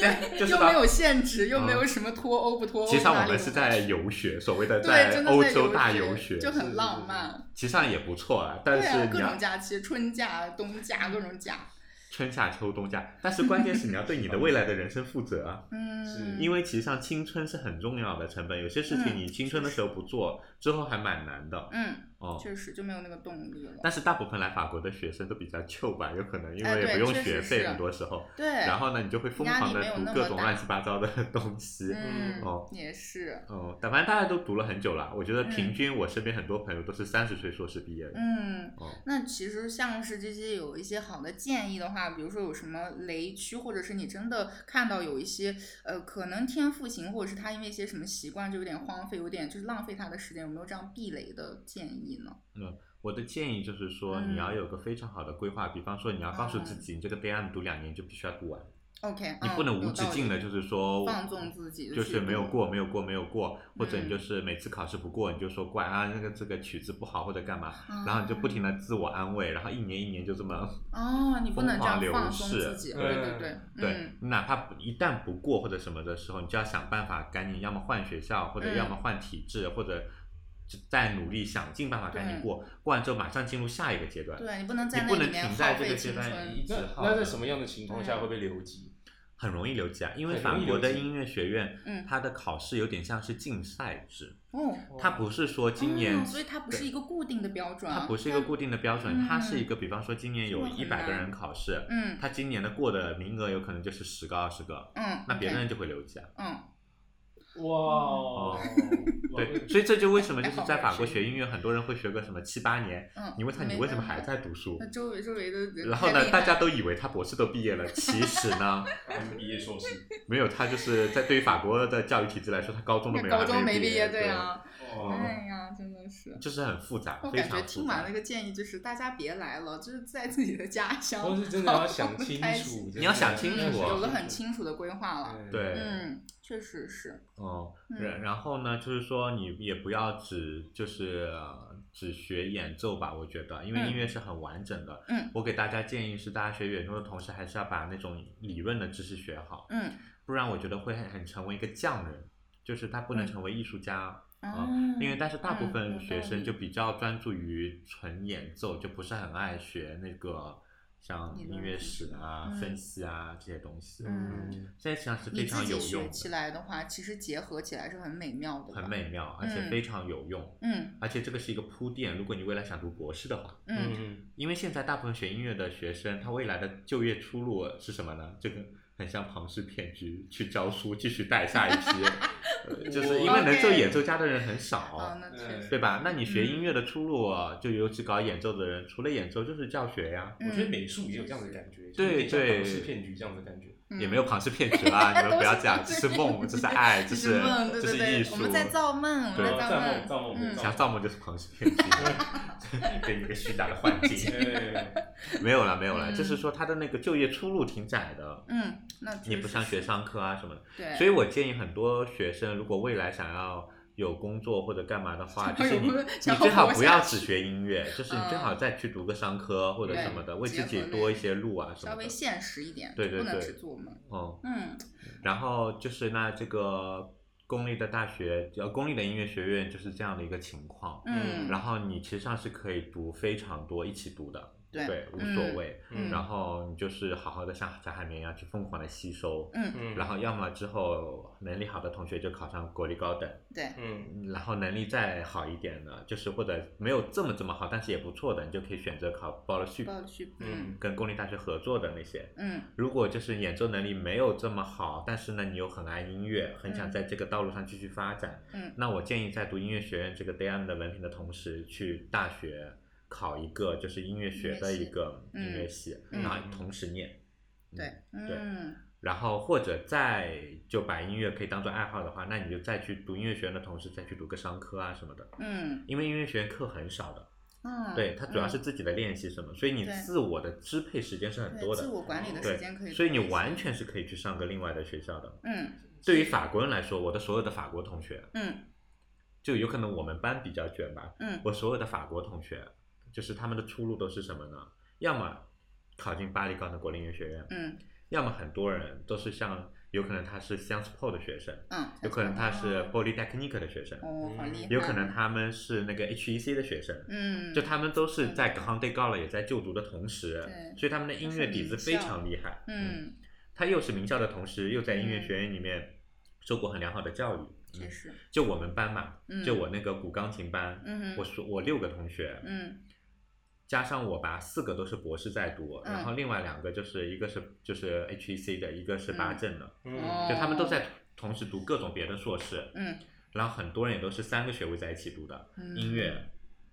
Speaker 2: 對。 就是、又沒有限制，又沒有什麼脫歐不脫歐的，其實我們是
Speaker 1: 在遊學，所謂的在歐洲大遊學，就
Speaker 2: 很浪漫。
Speaker 1: 其實上也不錯啊，但是各種假
Speaker 2: 期，春假、冬假，各種假，
Speaker 1: 春夏秋冬假。但是關鍵是你要對你的未來的人生負責啊，嗯，
Speaker 3: 因為
Speaker 1: 其實上青春是很重要的成本，有些事情你青春的時候不做，之後還蠻難的，嗯。
Speaker 2: 哦、確實就沒有那個動力了。但
Speaker 1: 是大部分來法國的學生都比較久吧，有可能因為也不用學費，很多時候，哎、對，然後呢，你就會瘋狂的讀各種亂七八糟的東西。嗯、哦，
Speaker 3: 也是。
Speaker 1: 哦，但反正大家都讀了很久了，我覺得平均我身邊很多朋友都是三十歲碩士畢業的。
Speaker 2: 嗯，哦嗯，那其實像是這些有一些好的建議的話，比如說有什麼雷區，或者是你真的看到有一些呃，可能天賦型，或者是他因為一些什麼習慣就有點荒廢，有點就是浪費他的時間，有沒有這樣避雷的建議？
Speaker 1: 嗯，我的建議就是說，你要有個非常好的規劃。嗯、比方說，你要告訴自己，你這個備案讀兩年就必須要讀完。
Speaker 2: OK，、哦、你不能無止境的，就是說放縱
Speaker 3: 自己，就是沒有過、嗯，
Speaker 1: 沒有過，沒有過，或者你就是每次考試不過，嗯、你就說怪啊，那個這個曲子不好，或者幹嘛、啊，然後你就不停的自我安慰，然後一年一年就這麼流
Speaker 3: 哦，你不能這樣放縱自己，對對對對。你、
Speaker 1: 嗯、哪怕一旦不過或者什麼的時候，你就要想辦法趕緊，要麼換學校，或者要麼換體制，嗯、或者。在努力，想盡辦法趕緊過，過完之後馬上進入下一個階段。對你不能，你不能停在這個階段，一直耗著。那在什麼樣的情況下會被留級？很容易留級啊，因為法國的音樂學院，它的考試有點像是競賽制。哦哦、它不是說今年、嗯，所以
Speaker 2: 它不是一個固定的標準。它,它不
Speaker 1: 是一個固定的標準、嗯，它是一個，比方說今年有一百個人考試，他它今年的過的名額有可能就是十個、二十個、嗯，那別的人就會留級啊，嗯 okay,
Speaker 2: 嗯哇、
Speaker 1: wow, 對，所以這就為什麼就是在法國學音樂，很多人會學個什麼七八年。 嗯，你問他你為什麼還在讀書？那周
Speaker 2: 圍周圍的然後呢？大家
Speaker 1: 都以為他博士都畢業了，其實呢， 他是畢業碩士沒有，他就是在對於法國的教育體制來說，他高中都沒有 還沒高中沒畢
Speaker 3: 業，對，對啊。哎、oh, 呀，真的是，就
Speaker 1: 是很複雜。複雜。我感覺聽完
Speaker 2: 那個建議，就是大家別來了，就是在自己的家鄉。同
Speaker 1: 時真的要想清楚，不你要想清楚，有個
Speaker 2: 很清楚的規劃了。對，嗯，確
Speaker 3: 實是。
Speaker 1: 哦、oh, 嗯，然然後呢，就是說你也不要只就是只、呃、學演奏吧，我覺得，因為音樂是很完整的。嗯。我給大家建議是，大家學演奏的同時，還是要把那種理論的知識學好。嗯。不然我覺得會很很成為一個匠人，就是他不能成為藝術家。嗯
Speaker 3: 啊、嗯嗯，因為但是大部分學生就
Speaker 1: 比較專注於純演奏，嗯、就不是很愛學那個像音樂史啊、嗯、分析啊這些東西。嗯，現在實際上是非常有用的。你
Speaker 2: 自己學起來的話，其實結合起來是很美妙的。很
Speaker 1: 美妙，而且非常有用。嗯。而且這個是一個鋪墊，如果你未來想讀博士的話。嗯嗯。因為現在大部分學音樂的學生，他未來的就業出路是什麼呢？這個。很像龐氏騙局，去教書，繼續帶下一批、 呃，就是因為能做演奏家的人很少， 對吧？那你學音樂的出路、啊嗯，就尤其搞演奏的人，除了演奏就是教學呀、啊。我覺得美術也有這樣的感覺，對、嗯、對。對龐氏騙局這樣的感覺。嗯、也沒有龐氏騙局啦、啊，你們不要講是，這樣這是夢，這是愛，這是這是、就是、這是藝術，對對。我們在造夢，我在造夢。對、嗯，造夢，造夢，想造夢就是龐氏騙局，嗯、給你一個虛假的幻境、嗯嗯。沒有了，沒有了，就是說他的那個就業出路挺窄的。嗯，那、就是、也不像學商科啊什麼的、嗯就是。對，所以我建議很多學生，如果未來想要。有工作或者幹嘛的話，就是你你最好不要只學音樂，就是你最好再去讀個商科或者什麼的，嗯、為自己多一些路啊什麼的，稍微
Speaker 2: 現實一點，對對對，不能去做
Speaker 1: 夢。嗯，嗯然後就是那這個公立的大學，然後公立的音樂學院就是這樣的一個情況。嗯，然後你其實上是可以讀非常多一起讀的。對，無所謂、嗯嗯，然後你就是好好的像小海綿一樣去瘋狂的吸收、嗯，然後要麼之後能力好的同學就考上國立高等，對、嗯，然後能力再好一點的，就是或者沒有這麼這麼好，但是也不錯的，你就可以選擇考報了續報
Speaker 3: 續，
Speaker 1: 跟公立大學合作的那些、嗯，如果就是演奏能力沒有這麼好，但是呢你又很愛音樂，很想在這個道路上繼續發展，嗯、那我建議在讀音樂學院這個 DM 的文憑的同時去大學，考一個就是音樂學的一個音樂系，嗯、然後同時念，嗯嗯
Speaker 3: 嗯、對、嗯、對，
Speaker 1: 然後或者再就把音樂可以當做愛好的話，那你就再去讀音樂學院的同時再去讀個商科啊什麼的，
Speaker 3: 嗯，
Speaker 1: 因為音樂學院課很少的，嗯，對他主要是自己的練習什麼、嗯，所以你自我的支配時間是很多的，自我管理的時間可以，對，所以你完全是可以去上個另外的學校的，嗯，對於法國人來說，我的所有的法國同學，嗯，就有可能我們班比較捲吧，嗯，我所有的法國同學。就是他們的出路都是什麼呢？要麼考進巴黎高等國立音樂學院、嗯，要麼很多人都是像，有可能他是 Sciences Po 的學生、嗯，有可能他是 Polytechnique 的學生，e 的學生，有可能他們是那個 HEC 的學生，哦，好厲害，嗯、就他們都是在 Grande École，也在就讀的同時，所以他們的音樂底子非常厲害、嗯嗯，他又是名校的同時，又在音樂學院裡面受過很良好的教育，嗯、就我們班嘛、嗯，就我那個古鋼琴班，我、嗯、說我六個同學，嗯加上我吧，四個都是博士在讀，然後另外兩個就是、嗯、一個是就是 HEC 的，一個是巴政的、嗯，就他們都在同時讀各種別的碩士、嗯。然後很多人也都是三個學位在一起讀的，嗯、音樂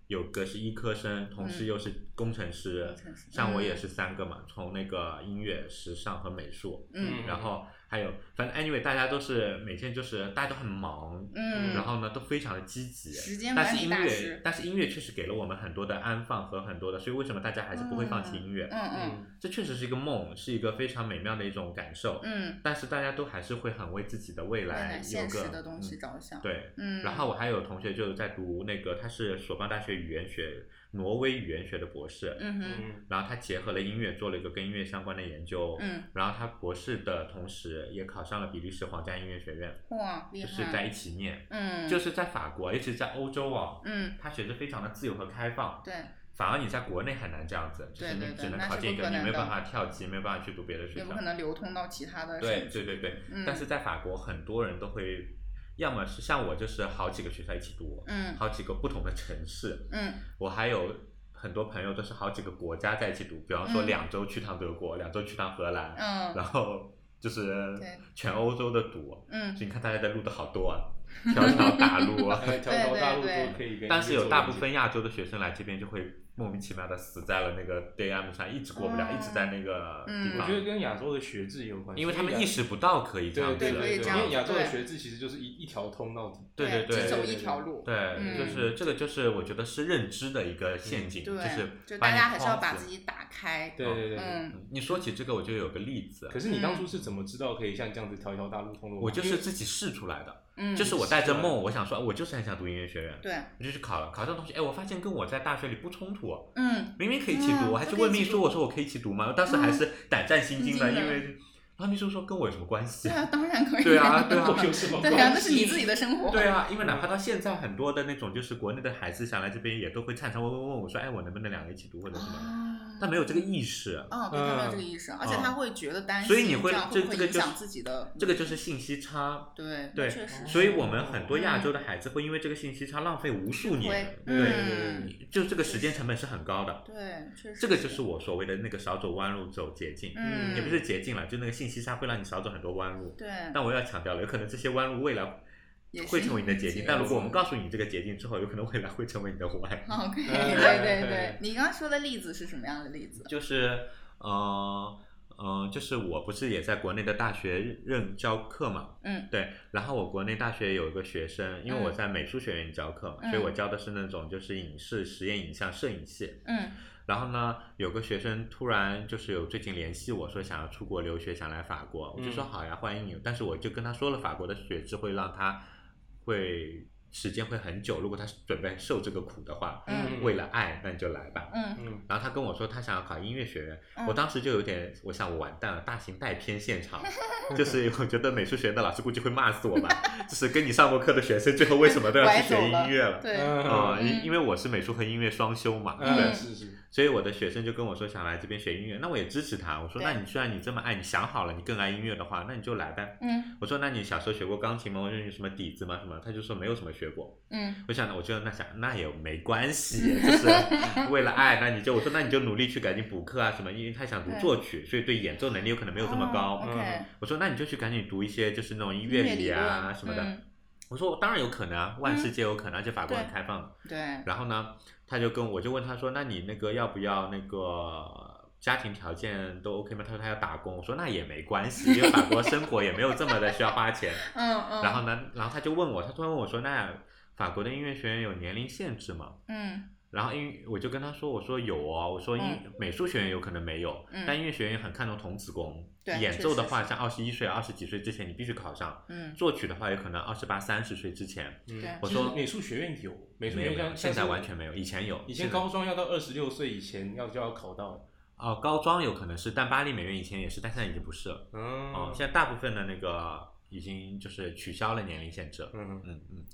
Speaker 1: 有個是醫科生，同時又是工程師，像、嗯、我也是三個嘛，從那個音樂、時尚和美術。嗯，嗯然後。還有，反正 anyway，大家都是每天就是大家都很忙，嗯、然後呢都非常的積極，時間，但是音樂但是音樂確實給了我們很多的安放和很多的，所以為什麼大家還是不會放棄音樂？嗯嗯，嗯，嗯，這確實是一個夢，是一個非常美妙的一種感受。嗯，但是大家都還是會很為自己的未來，有個未來現實的東西
Speaker 2: 着想、嗯嗯。對，嗯。然後
Speaker 1: 我還有同學就是在讀那個，他是索邦大學語言學，挪威語言學的博士，嗯，然後他結合了音樂，做了一個跟音樂相關的研究，嗯、然後他博士的同時，也考上了比利時皇家音樂學院，哇，
Speaker 3: 厲害，就是在一
Speaker 1: 起念，嗯、就是在法國，尤其在歐洲啊、哦嗯，他學的非常的自由和開放，對、嗯，反而你在國內很難這樣子，就是你只能考這一個，對對對，你沒有辦法跳級，沒有辦法去讀別的學校，有可能
Speaker 2: 流通到其他的對，對
Speaker 1: 對對對、嗯，但是在法國很多人都會。要麼是像我，就是好幾個學校一起讀，嗯，好幾個不同的城市，嗯，我還有很多朋友都是好幾個國家在一起讀，比方說兩周去趟德國，嗯，兩周去趟荷蘭，嗯，然後就是全歐洲的讀，嗯，所以你看大家在錄的好多啊，嗯，條條大路，條條大路都可以，但是有大部分亞洲的學生來這邊就會。莫名其妙的死在了那個 DEM 上，一直過不了、嗯、一直在那個地方。嗯、我覺得跟亞洲的學制也有關係。因為他們意識不到可以這樣子對，對，對，對對對，因為亞洲的學制其實就是一一條通道，
Speaker 3: 對，只走一條路。對，對對對對就是
Speaker 1: 這個，就是我覺得是認知的一個陷阱，是就是就大家很需要把自己打開。對對對，對對對，對、嗯，你說起這個我就有個例子。可是你當初是怎麼知道可以像這樣子一條大路通羅馬？我就是自己試出來的。就是我帶着夢，我想說，我就是很想讀音樂學院，對，我就去考了，考上同學，哎，我發現跟我在大學裡不衝突。嗯，明明可以一起讀，我還去問秘書，我說我可以一起讀嗎？嗯、我當時還是膽戰心驚的，、嗯、的，因為。他、啊、秘說說：“跟我有什麼關係？”對啊，
Speaker 3: 當然可以。對啊，啊對我、啊對，啊、對啊，那是你自己的生活。對啊，
Speaker 1: 因為哪怕到現在，很多的那種就是國內的孩子想來這邊，也都會顫顫巍巍問我說：“哎，我能不能兩個一起讀，或者什麼？”他、啊、沒有這個意識。嗯、啊，對、哦，他沒有這個意識、啊，而且他會
Speaker 2: 覺得擔心、啊。所以你會就這個講自己的。這個
Speaker 1: 就是信息差。對
Speaker 3: 對，確實。所以
Speaker 1: 我們很多亞洲的孩子會因為這個信息差浪費無數年。嗯、對對、嗯、對，就這個時間成本是很高的。對，
Speaker 3: 確實。這個
Speaker 1: 就是我所謂的那個少走彎路，走捷徑。嗯，也不是捷徑了，就那個信。信息差會讓你少走很多彎路，對。但我要強調了，有可能這些彎路未來會成為你的捷徑、捷徑。但如果我們告訴你這個捷徑之後，有可能未來會成為你的彎。OK，對對
Speaker 2: 對、哎。你剛剛說的例子是什麼樣的例子？
Speaker 1: 就是，嗯、呃、嗯、呃，就是我不是也在國內的大學任教課嘛？嗯，對。然後我國內大學有一個學生，因為我在美術學院教課嘛，嗯、所以我教的是那種就是影視實驗影像攝影系。嗯。然後呢，有個學生突然就是有最近聯繫我說想要出國留學，想來法國，我就說好呀，歡迎你。但是我就跟他說了，法國的學制會讓他會時間會很久，如果他準備受這個苦的話，嗯、為了愛，那你就來吧。嗯，然後他跟我說他想要考音樂學院。嗯，我當時就有點，我想我完蛋了，大型帶偏現場。嗯，就是我覺得美術學院的老師估計會罵死我吧，嗯、就是跟你上過課的學生，最後為什麼都要去學音樂了？了對，啊、嗯，因、嗯、因為我是美術和音樂雙修嘛，嗯、對。是是。所以我的學生就跟我說想來這邊學音樂，那我也支持他。我說那你既然你這麼愛你想好了，你更愛音樂的話，那你就來唄。嗯，我說那你小時候學過鋼琴嗎？有有什麼底子嗎？什麼？他就說沒有什麼學過。嗯，我想呢，我就那想那也沒關係，就是為了愛， 那你就我說那你就努力去趕緊補課啊什麼，因為他想讀作曲，所以對演奏能力有可能沒有這麼高。哦嗯 okay、我說那你就去趕緊讀一些就是那種樂理啊什麼的。嗯、我說當然有可能啊，萬事皆有可能、啊，而、嗯、且法國很開放。對。然後呢？他就跟我，我就問他說：“那你那個要不要那個家庭條件都 OK 嗎？”他說他要打工。我說那也沒關係，因為法國生活也沒有這麼的需要花錢。 嗯嗯。然後呢，然後他就問我，他突然問我說：“那法國的音樂學院有年齡限制嗎？”嗯。然後，因為我就跟他說，我說有啊、哦，我說音，美術學院有可能沒有，但、嗯、音樂學院很看重童子功、嗯，
Speaker 3: 演奏的話，像
Speaker 1: 二十一歲、二十幾歲之前你必須考上，嗯、作曲的話，有可能二十八、三十歲之前。嗯、我說、嗯、美術學院有，美術學院現在完全沒有，以前有，以前高中要到二十六歲以前要就要考到。哦、呃，高中有可能是，但巴黎美院以前也是，但現在已經不是了。哦、嗯呃，現在大部分的那個已經就是取消了年齡限制。嗯嗯。嗯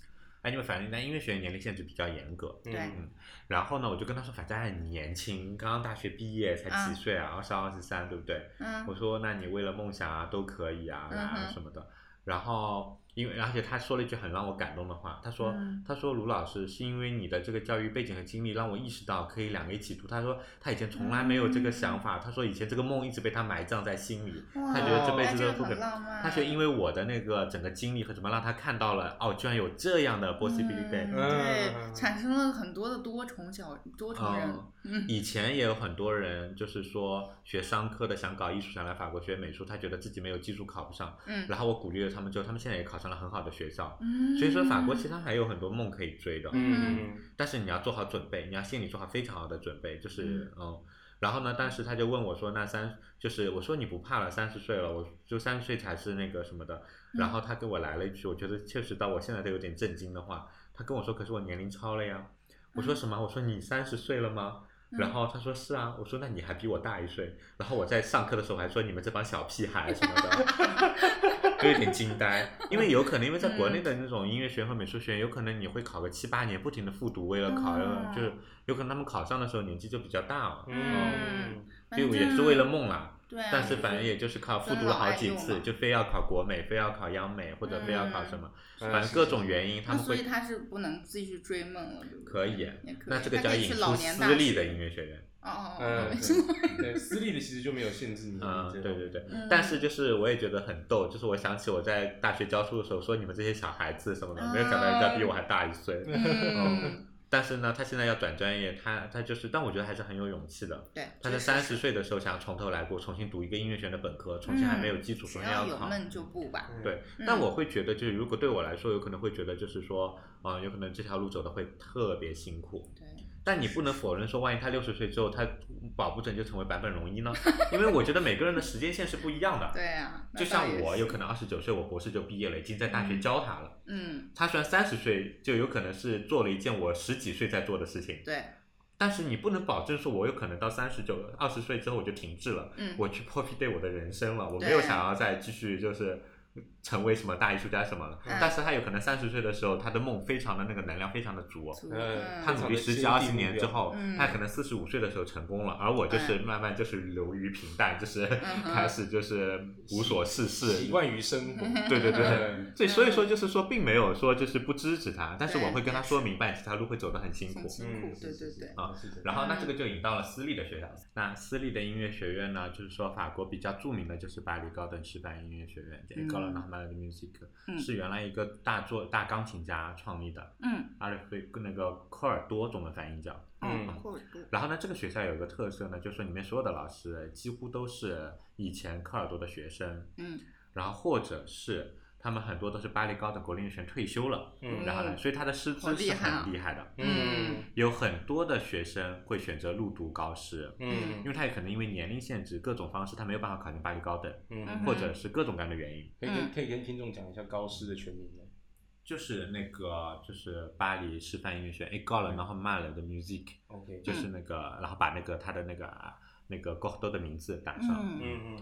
Speaker 1: 哎，你們反正那音樂學院年齡限制比較嚴格。對，對、嗯。然後呢，我就跟他說，反正還很年輕，剛剛大學畢業，才幾歲啊，二十二、二十三，對不對？嗯。我說，那你為了夢想啊，都可以啊，啊、嗯、什麼的。然後。因為而且他說了一句很讓我感動的話，他說、嗯、他說盧老師是因為你的這個教育背景和經歷，讓我意識到可以兩個一起讀。他說他以前從來沒有這個想法，嗯、他說以前這個夢一直被他埋葬在心裡。他覺得這輩子都不可能。啊、這很浪漫。他覺得因為我的那個整個經歷和怎麼，讓他看到了哦，居然有這樣的 possibility。嗯，對，
Speaker 2: 產生了很多的多重小，多重人。嗯，嗯，以
Speaker 1: 前也有很多人就是說，學商科的想搞藝術，想來法國學美術，他覺得自己沒有技術考不上。嗯，然後我鼓勵了他們就，就他們現在也考上。成了很好的學校，所以說法國其實還有很多夢可以追的、嗯。但是你要做好準備，你要心裡做好非常好的準備，就是嗯，嗯。然後呢，當時他就問我說：“那三就是我說你不怕了，三十歲了，我就三十歲才是那個什麼的。”然後他給我來了一句，我覺得確實到我現在都有點震驚的話，他跟我說：“可是我年齡超了呀。”我說什麼？我說你三十歲了嗎？嗯嗯、然後他說，是啊，我說那你還比我大一歲。然後我在上課的時候還說，你們這幫小屁孩什麼的，就 有點驚呆。因為有可能，因為在國內的那種音樂學院和美術學院，有可能你會考個七八年，不停的復讀，為了考，嗯、就是有可能他們考上的時候年紀就比較大了，嗯。嗯，就也是為了夢啦。對啊、但是反正也就是靠復讀了好幾次好，就非要考國美，非要考央美，或者非要考
Speaker 2: 什
Speaker 3: 麼，嗯、反正各種原因，是是是他們會。所以
Speaker 2: 他是不能自己去追夢了
Speaker 3: 可，可以，可以，那這個叫隱讀私立的音樂學院。哦哦哦、嗯。 對，
Speaker 1: 私立的其實就沒有限制你。嗯嗯、對對對、嗯。但是就是我也覺得很逗，就是我想起我在大學教書的時候，說你們這些小孩子什麼的，嗯、沒有想到人家比我還大一歲。嗯哦 但是呢，他現在要轉專業，他他就是，但我覺得還是很有勇氣的。對，他在三十歲的時候想要從頭來過，重新讀一個音樂學院的本科，重新還沒有基礎，所以要,要有悶
Speaker 2: 就不吧。對，嗯、但我
Speaker 1: 會覺得，就是如果對我來說，有可能會覺得就是說，啊、呃，有可能這條路走的會特別辛苦。但你不能否認說，萬一他六十歲之後，他保不準就成為坂本龍一呢？因為我覺得每個人的時間線是不一樣的。
Speaker 2: 對啊，就像我有可
Speaker 1: 能二十九歲我博士就畢業了，已經在大學教他了。嗯，嗯他雖然三十歲就有可能是做了一件我十幾歲在做的事情。對，但是你不能保證說，我有可能到三十九、二十歲之後我就停滯了，嗯，我去破批對我的人生了，我沒有想要再繼續就是。成為什麼大藝術家什麼的，嗯。但是他有可能三十歲的時候，嗯，他的夢非常的那個能量非常的足，哦嗯，他努力十幾二十年之後，嗯，他可能四十五歲的時候成功了，嗯。而我就是慢慢就是流於平淡，嗯、就是、嗯、開始就是無所事事，習，習慣於生活。嗯，對對對，所、嗯、以所以說就是說，並沒有說就是不支持他，嗯，但是我會跟他說明白，這條路會走得很辛苦。辛苦，嗯，對對對。啊、嗯嗯，然後、嗯、那這個就引到了私立的學校，那私立的音樂學院呢，就是說法國比較著名的就是巴黎高等師範音樂學院，嗯 The、music、嗯、是原來一個大作大鋼琴家創立的，阿菲被那個科爾多中文翻譯叫、嗯嗯哦，科爾多。然後呢，這個學校有一個特色呢，就是說裡面所有的老師幾乎都是以前科爾多的學生，嗯，然後或者是。他們很多都是巴黎高等國立音樂學院退休了，嗯，然後呢，所以他的師資是很厲害的，嗯、哦，有很多的學生會選擇入讀高師，嗯，因為他也可能因為年齡限制，各種方式他沒有辦法考進巴黎高等，嗯，或者是各種各樣的原因。嗯、可以跟可以跟聽眾講一下高師的全名嗎？嗯，就是那個就是巴黎師範音樂學院，École Normale de Musique，OK，就是那個然後把那個他的那個。那個高中的名字打上，嗯嗯，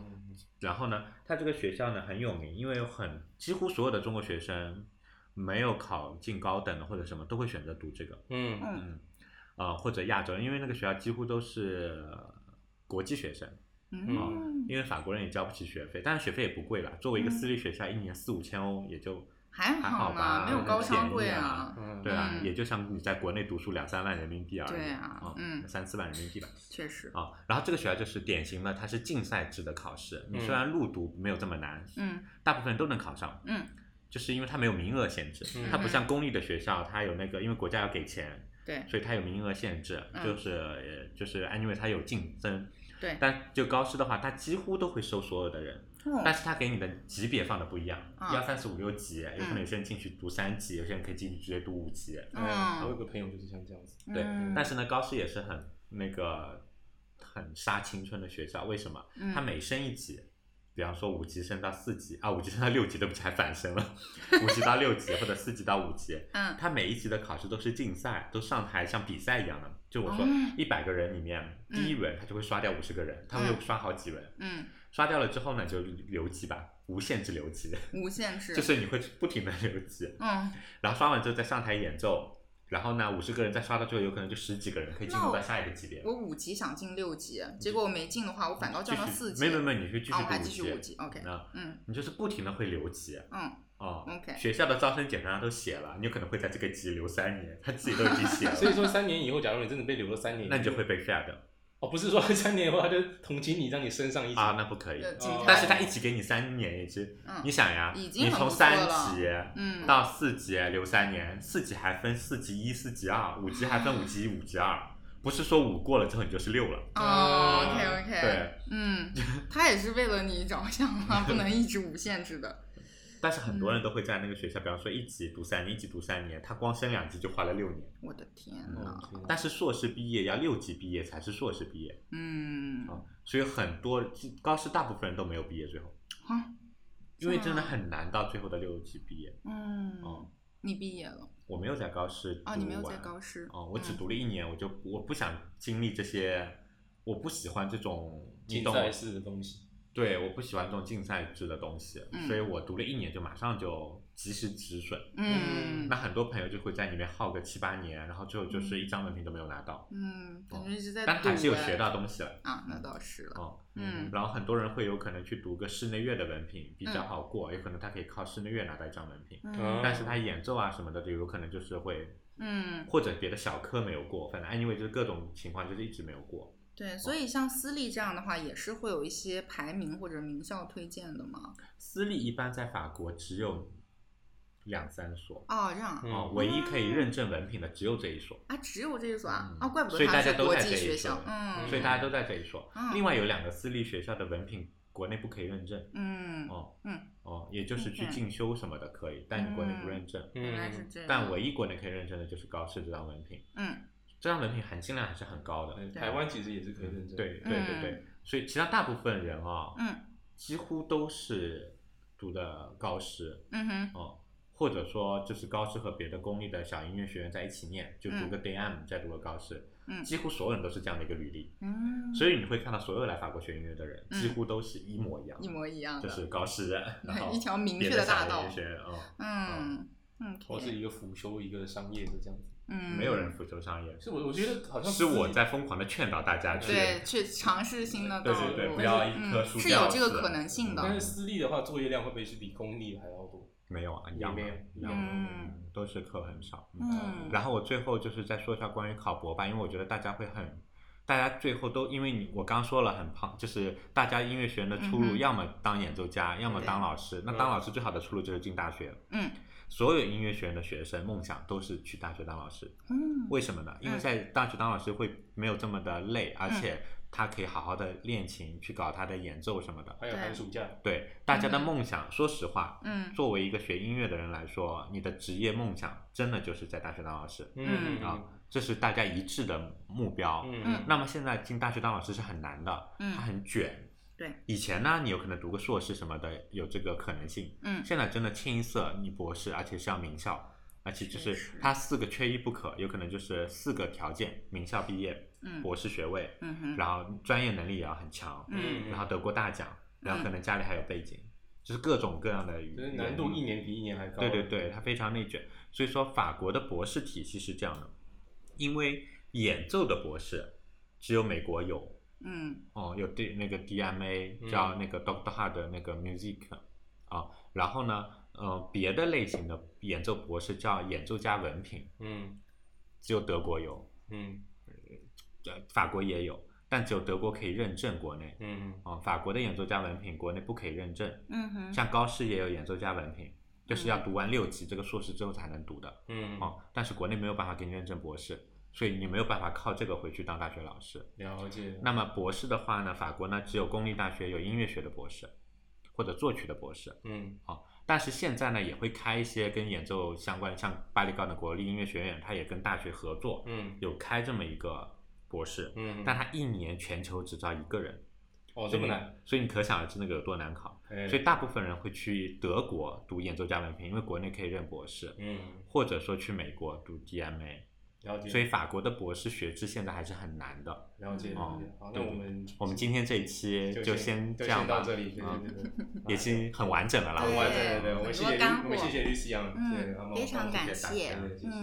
Speaker 1: 然後呢，它這個學校呢，很有名，因為有很幾乎所有的中國學生，沒有考進高等的或者什麼都會選擇讀這個，嗯嗯，嗯、呃，或者亞洲，因為那個學校幾乎都是國際學生，
Speaker 3: 嗯，嗯，
Speaker 1: 因為法國人也交不起學費，但是學費也不貴啦，作為一個私立學校，嗯、一年四五千歐也就。
Speaker 2: 還
Speaker 3: 好，還好吧，沒有高商貴啊，啊、嗯。對啊、嗯，也
Speaker 1: 就像你在國內讀書兩三萬人民幣而已。對啊、哦，嗯，三四萬人民幣吧。確實。啊、哦，然後這個學校就是典型的，它是競賽制的考試。嗯、你雖然入讀沒有這麼難。嗯。大部分人都能考上。嗯。就是因為它沒有名額限制，嗯、它不像公立的學校，它有那個因為國家要給錢。對。所以它有名額限制，嗯、就是就是 anyway 它有競爭。對。但就高師的話，它幾乎都會收所有的人。但是他給你的級別放的不一樣，一二三四五六級，有可能有些人進去讀三級，有些人可以進去直接讀五級。嗯，我、嗯、有個朋友就是像這樣子、嗯。對，但是呢，高師也是很那個很殺青春的學校。為什麼、嗯？他每升一級，比方說五級升到四級啊，五級升到六級，對不起還反升了， 五級到六級或者四級到五級、嗯。他每一級的考試都是競賽，都上台像比賽一樣的。就我說，一、嗯、百個人裡面、嗯、第一輪他就會刷掉五十個人，他們又刷好幾輪。嗯。嗯刷掉了之後呢，就留級吧，無限制留級。無
Speaker 2: 限制。 就是你
Speaker 1: 會不停的留級。嗯。然後刷完之後再上台演奏，然後呢，五十個人再刷到最後，有可能就十幾個人可以進入到下一個級別。我，我
Speaker 2: 五級想進六級，結果我沒進的話，我反倒降到四級。沒沒
Speaker 1: 沒，你去繼續讀、哦。我還繼續五級，OK、嗯。那，嗯，你就是不停的會留級。嗯。哦，OK。學校的招生簡章上都寫了，你有可能會在這個級留三年，他自己都已經寫了。所以說三年以後，假如你真的被留了三年，那你就會被刷掉。哦，不是說三年以後他就同情你，讓你升上一級啊？那不可以，但是他一直給你三年一就、嗯。你想呀，你從三級,級，嗯，到四級留三年，四級還分四級一、四級二，嗯、五級還分五級一、嗯、五級二，不是說五過了之後你就是六了。哦,哦，OK OK，對，
Speaker 3: 嗯，他
Speaker 2: 也是為了你着想啊，不能一直無限制的。
Speaker 1: 但是很多人都會在那個學校、嗯，比方說一級讀三年，一級讀三年，他光升兩級就花了六年。
Speaker 2: 我的天哪！但是
Speaker 1: 碩士畢業要六級畢業才是碩士畢業。嗯。啊、所以很多高師大部分人都沒有畢業，最後、
Speaker 3: 嗯。因為真的
Speaker 1: 很難到最後的六級畢業。嗯。嗯，你畢業了？我沒有在高師哦、啊，你沒有在高師哦、嗯嗯，我只讀了一年，我就我不想經歷這些，我不喜歡這種競賽式的東西。對，我不喜歡這種競賽制的東西、嗯，所以我讀了一年就馬上就及時止損。嗯，那很多朋友就會在裡面耗個七八年，然後最後就是一張文憑都沒有拿到。
Speaker 3: 嗯，嗯，是啊、但還是有學到東西了啊，那倒
Speaker 1: 是了。嗯，嗯，然後很多人會有可能去讀個室內樂的文憑比較好過，有、嗯、可能他可以靠室內樂拿到一張文憑，嗯、但是他演奏啊什麼的就有可能就是會，
Speaker 3: 嗯，
Speaker 1: 或者別的小科沒有過，反正 Anyway 就是各種情況就是一直沒有過。
Speaker 2: 對，所以像私立這樣的話，oh. 也是會有一些排名或者名校推薦的嗎？
Speaker 1: 私立一般在法國只有兩三所。哦、oh, 這樣哦、嗯，唯一可以認證文憑的只有這一所。
Speaker 2: 啊，只有這一所啊！啊、嗯哦，怪不得是私立學校，所以大家都在這一所嗯。嗯，所以大家
Speaker 1: 都在這一所。嗯、另外有兩個私立學校的文憑國內不可以認證。嗯哦嗯哦，也就是去進修什麼的可以，嗯、但你國內不認證。嗯，但唯一國內可以認證的就是高師這張文憑。嗯。這張文憑含金量還是很高的，台灣其實也是可以認證。對對對對，對，所以其他大部分人啊、哦嗯，幾乎都是讀的高師，嗯哼，哦、嗯嗯，或者說就是高師和別的公立的小音樂學院在一起念，就讀個 DEM 再讀個高師，嗯，幾乎所有人都是這樣的一個履歷。嗯，所以你會看到所有來法國學音樂的人，幾乎都是一模一樣，一模一樣，就是高師、嗯、然後一條明確的大道。嗯嗯，嗯。嗯嗯 okay,
Speaker 3: 或
Speaker 1: 是一個輔修一個商業的這樣子。嗯、沒有人追求商業。是，我我覺得好像是我在瘋狂的勸導大家去對，
Speaker 2: 去嘗試新的道路。對對對，不要一棵樹
Speaker 1: 上吊死。是有這個可能性的。是啊，嗯、但是私立的話，作業量會不會是比公立還要多？沒有啊，一樣、嗯。嗯，都是課很少。嗯。然後我最後就是再說一下關於考博吧，因為我覺得大家會很，大家最後都因為你我剛說了很胖，就是大家音樂學院的出路，嗯、要麼當演奏家，要麼當老師。那當老師最好的出路就是進大學。嗯。嗯。所有音樂學院的學生夢想都是去大學當老師，嗯，為什麼呢？因為在大學當老師會沒有這麼的累，嗯、而且他可以好好的練琴、嗯，去搞他的演奏什麼的，還有寒暑假。對，大家的夢想、嗯，說實話，嗯，作為一個學音樂的人來說，嗯、你的職業夢想真的就是在大學當老師，嗯啊，這是大家一致的目標嗯，嗯，那麼現在進大學當老師是很難的，嗯，它很卷。以前呢，你有可能讀個碩士什麼的，有這個可能性。嗯。現在真的清一色你博士，而且是要名校，而且就是它四個缺一不可，有可能就是四個條件：名校畢業，嗯、博士學位、嗯，然後專業能力也要很強，嗯，然後得過大獎、嗯，然後可能家裡還有背景，嗯、就是各種各樣的語言。難度一年比一年還高。對對對，它非常內卷。所以說法國的博士體系是這樣的，因為演奏的博士只有美國有。嗯，哦，有 D 那個 DMA 叫那個 Doctor 的那個 Music，啊、嗯哦，然後呢，呃，別的類型的演奏博士叫演奏家文憑，
Speaker 3: 嗯，
Speaker 1: 只有德國有，嗯，呃，法國也有，但只有德國可以認證國內，嗯，哦，法國的演奏家文憑國內不可以認證，嗯
Speaker 3: 哼，像
Speaker 1: 高師也有演奏家文憑，就是要讀完六級、嗯、這個碩士之後才能讀的，嗯，哦，但是國內沒有辦法給你認證博士。所以你沒有辦法靠這個回去當大學老師。了解。那麼博士的話呢，法國呢只有公立大學有音樂學的博士，或者作曲的博士。嗯。好、哦，但是現在呢也會開一些跟演奏相關，像巴黎高等的國立音樂學院，它也跟大學合作，嗯，有開這麼一個博士。嗯。但它一年全球只招一個人，嗯、哦，這麼難。所以你可想而知那個有多難考。哎、嗯。所以大部分人會去德國讀演奏家文憑，因為國內可以認博士。嗯。或者說去美國讀 DMA。了了，所以法國的博士學制現在還是很難的。了解了。哦、嗯嗯，那我們我們今天這一期就先，就先，就先這，這樣吧。到、嗯、對對對 也已經很完整了啦對，對，對，對，很多乾貨，我們謝謝 Lucien、嗯、非常感謝。謝謝、嗯
Speaker 3: 就
Speaker 1: 是。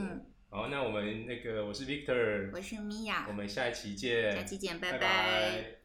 Speaker 1: 好，那我們那個我是 Victor，
Speaker 3: 我是米
Speaker 2: 婭，我
Speaker 1: 們下一期見。下一
Speaker 2: 期見，拜拜。